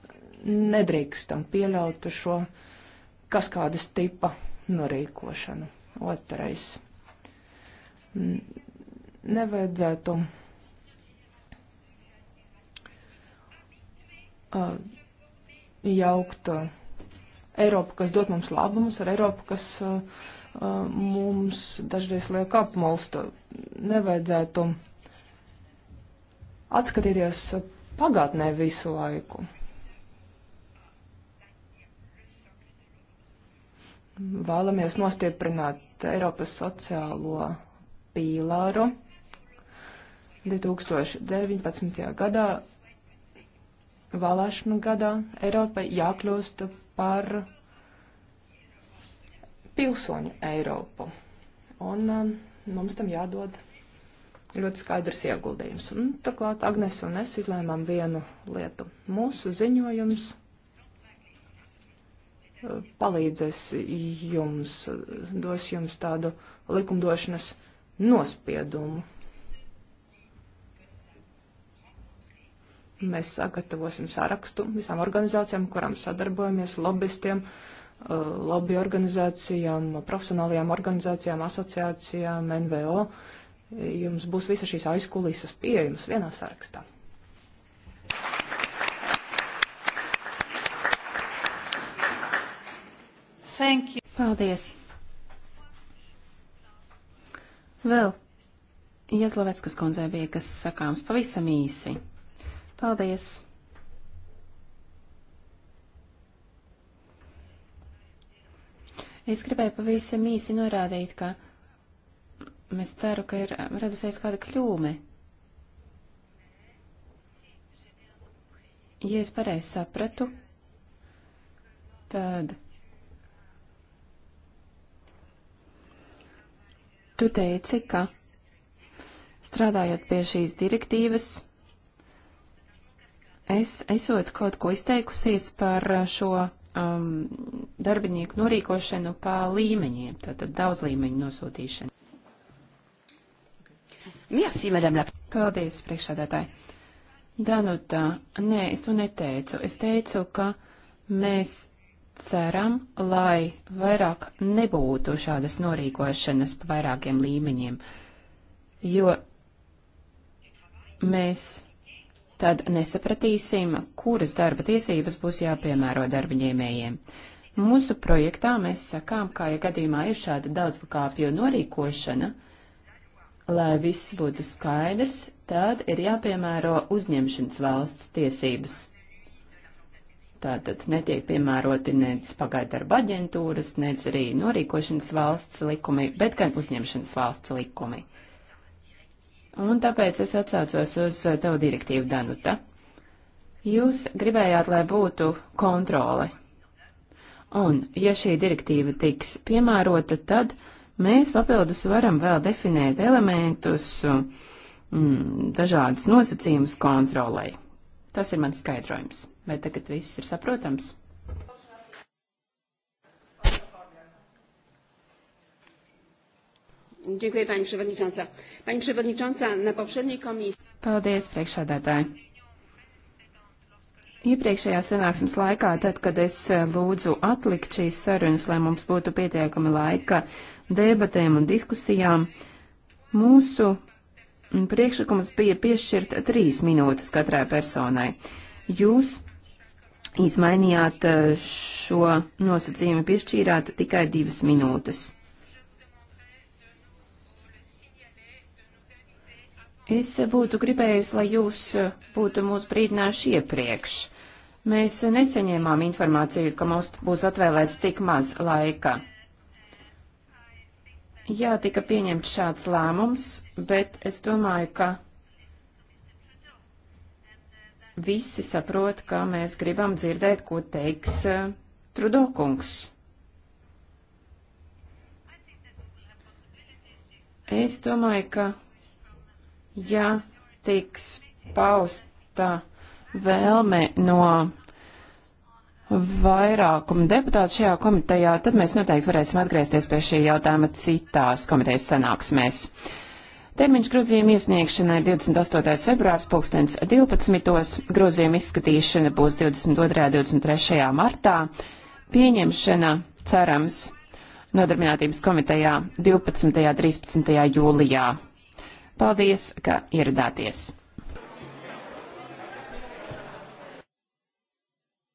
nedrīkstam pieļaut šo kaskādas tipa norīkošanu. Otrais. Nevajadzētu uh, jaukt uh, Eiropu, kas dod mums labumus, ar Eiropu, kas uh, mums dažreiz liek apmulstu. Nevajadzētu atskatīties pagātnē visu laiku. Vēlamies nostiprināt Eiropas sociālo pīlāru. 2019. gadā vēlēšanu gadā Eiropai jākļūst par pilsoņu Eiropu. Un um, mums tam jādod ļoti skaidrs ieguldījums. Un, turklāt Agnes un es izlēmām vienu lietu. Mūsu ziņojums uh, palīdzēs jums, dos jums tādu likumdošanas nospiedumu Mēs sagatavosim sarakstu visām organizācijām, kurām sadarbojamies, lobbystiem, uh, lobby organizācijām, profesionālajām organizācijām, asociācijām, NVO. Jums būs visa šīs aizkulisas pieejamas vienā sarakstā. Thank you. Paldies. Vēl Iezloveckas kundzei bija kas sakāms pavisam īsi. Paldies! Es gribēju pavisam īsi norādīt, ka es ceru, ka ir radusies kāda kļūme. Ja es pareizi sapratu, tad tu teici, ka strādājot pie šīs direktīvas, Es esot kaut ko izteikusies par eh, šo um, darbinieku norīkošanu pa līmeņiem, tātad daudz līmeņu nosūtīšanu. Merci, madame la. Paldies, priekšādātāji. Danuta, nē, es to neteicu. Es teicu, ka mēs ceram, lai vairāk nebūtu šādas norīkošanas pa vairākiem līmeņiem, jo mēs tad nesapratīsim, kuras darba tiesības būs jāpiemēro darba ņēmējiem. Mūsu projektā mēs sakām, kā ja gadījumā ir šāda daudzpakāpju norīkošana, lai viss būtu skaidrs, tad ir jāpiemēro uzņemšanas valsts tiesības. Tātad netiek piemēroti nec pagaidarba aģentūras, nec arī norīkošanas valsts likumi, bet gan uzņemšanas valsts likumi. Un tāpēc es atsaucos uz eh, tavu direktīvu, Danuta. Jūs gribējāt, lai būtu kontrole. Un, ja šī direktīva tiks piemērota, tad mēs papildus varam vēl definēt elementus, mm, dažādus nosacījumus kontrolai. Tas ir mans skaidrojums. Vai tagad viss ir saprotams? Dziękuję, pani przewodnicząca. Pani przewodnicząca, na poprzedniej komisji. Paldies, priekšādātāji. Iepriekšējā sanāksmes laikā, tad, kad es e, lūdzu atlikt šīs sarunas, lai mums būtu pietiekami laika debatēm un diskusijām, mūsu priekšlikums bija piešķirt trīs minūtes katrai personai. Jūs izmainījāt e, šo nosacījumu, piešķīrāt tikai divas minūtes. Es būtu gribējusi, lai jūs eh, būtu mūs brīdinājuši iepriekš. Mēs neseņēmām informāciju, ka mums būs atvēlēts tik maz laika. Jā, tika pieņemts šāds lēmums, bet es domāju, ka visi saprot, ka mēs gribam dzirdēt, ko teiks uh, eh, Trudokungs. Es domāju, ka ja tiks pausta vēlme no vairākumu deputātu šajā komitejā, tad mēs noteikti varēsim atgriezties pie šī jautājuma citās komitejas sanāksmēs. Termiņš grozījuma iesniegšanai 28. februārs 2012. Grozījuma izskatīšana būs 22. un 23. martā. Pieņemšana, cerams, nodarbinātības komitejā 12. un 13. jūlijā. Paldies, ka ieradāties!